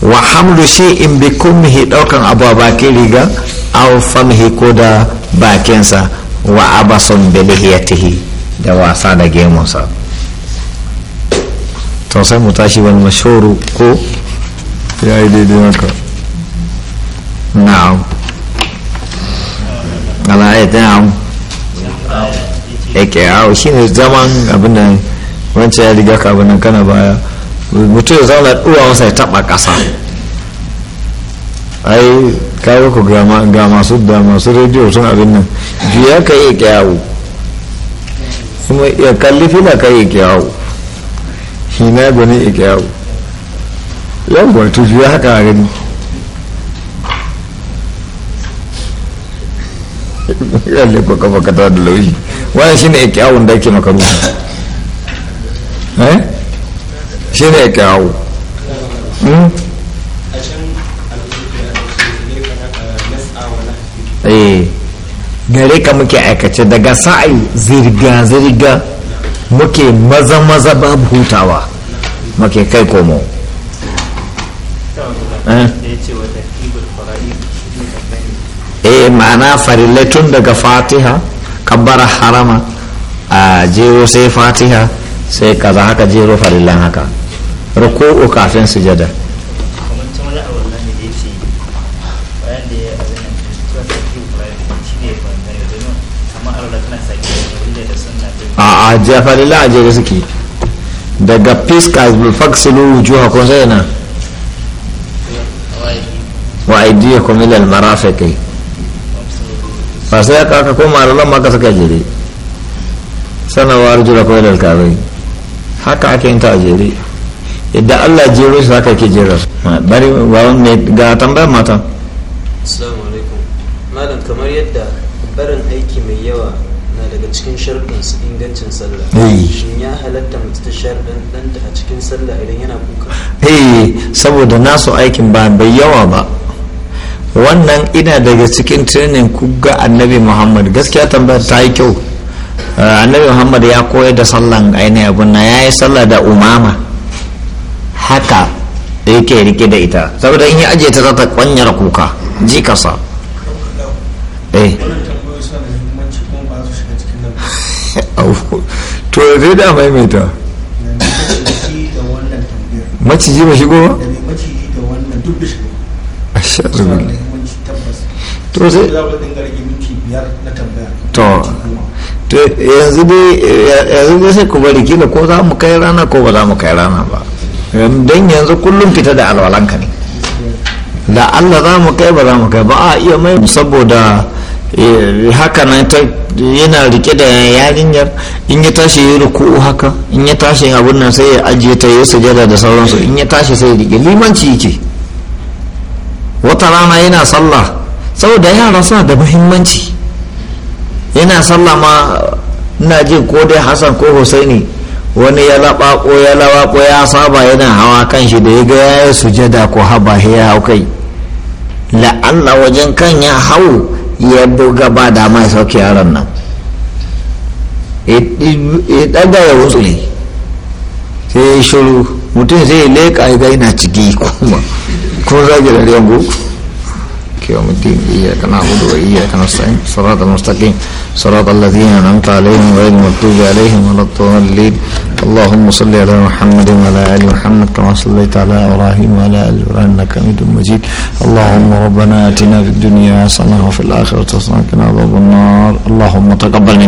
Speaker 1: wa hamlu shay'in bi kumhi daukan abu a bakin riga aw famhi ko da bakinsa wa abasun bi lihiyatihi da wasa da gemunsa to sai mu tashi wani mashuru ko ya yi daidai haka na'am ala ya na'am yake awo shine zaman abin da wancan ya riga ka abin kana baya mutum ya zauna wasa ya taɓa ƙasa ai kawo ku ga masu da masu rediyo sun abin nan biya ka yi kyawu kuma ya kalli fila ka yi kyawu shi na gani ya kyawu yan gwartu biya haka a gani yalle ko kafa kata da lauyi wani shi ne ya kyawun da ake makaru eh shi ne hau hmm? eh, gare ka muke aikace daga sa'ai zirga-zirga muke maza-maza babu hutawa muke kai komo eh, eh ma'ana farillai tun daga fatiha kabbar harama a jero sai fatiha sai kaza haka jero farillan haka ruku'u kafin sujada a a jafarila a jere suke daga fiska faksilu wujuha kun sai na wa aidiya kuma ilal marafiqi ba sai ka ka koma ran ma ka saka jere sanawar jura ko ilal kabai haka ake yin ta a jere idan Allah jero shi haka ke jera bari ba mai ga tambaya mata assalamu alaikum malam kamar yadda barin aiki mai yawa na daga cikin sharɗin ingancin sallah shin ya halatta mutu ta sharɗin ɗanta a cikin sallah idan yana kuka eh saboda nasu aikin ba bai yawa ba wannan ina daga cikin training kuga annabi muhammad gaskiya tambayar ta yi kyau uh, annabi muhammad ya koyar da sallan ainihin abin na ya yi sallah da umama haka da yake rike da ita saboda in yi ajiye ta za ta kwanyar kuka jikarsa eh *laughs* to zai da maimaita maciji mai shigo ba? a sha to sai to yanzu dai sai ku bari kila ko za mu kai rana ko ba za mu kai rana ba don yanzu kullum fita da alwalanka ne da allah za mu kai ba za mu kai ba a iya mai saboda eh, haka nan yana rike da yarinyar in ya tashi yi ruku'u haka in ya tashi abin nan sai ya ajiye ta yi sujada da sauransu in ya tashi sai rike limanci yake wata rana yana sallah saboda yara suna da muhimmanci yana sallah ma ina jin ko dai hassan ko husaini wani ya laɓaƙo ya laɓaƙo ya saba yana hawa kan shi da ya ga ya yi sujada ko haba ya hau kai la'alla wajen kan ya hau ya buga ba da ya sauke yaron nan ya ɗaga ya ne sai ya shiru mutum sai ya leƙa ya ga yana ciki kuma kun zagi da riyangu يوم الدين إياك نعبد وإياك نستعين صراط المستقيم صراط الذين أنعمت عليهم غير المغضوب عليهم ولا الضالين اللهم صل على محمد وعلى آل محمد كما صليت على إبراهيم وعلى آل إبراهيم إنك حميد مجيد اللهم ربنا آتنا في الدنيا حسنة وفي الآخرة حسنة وقنا عذاب النار اللهم تقبل منا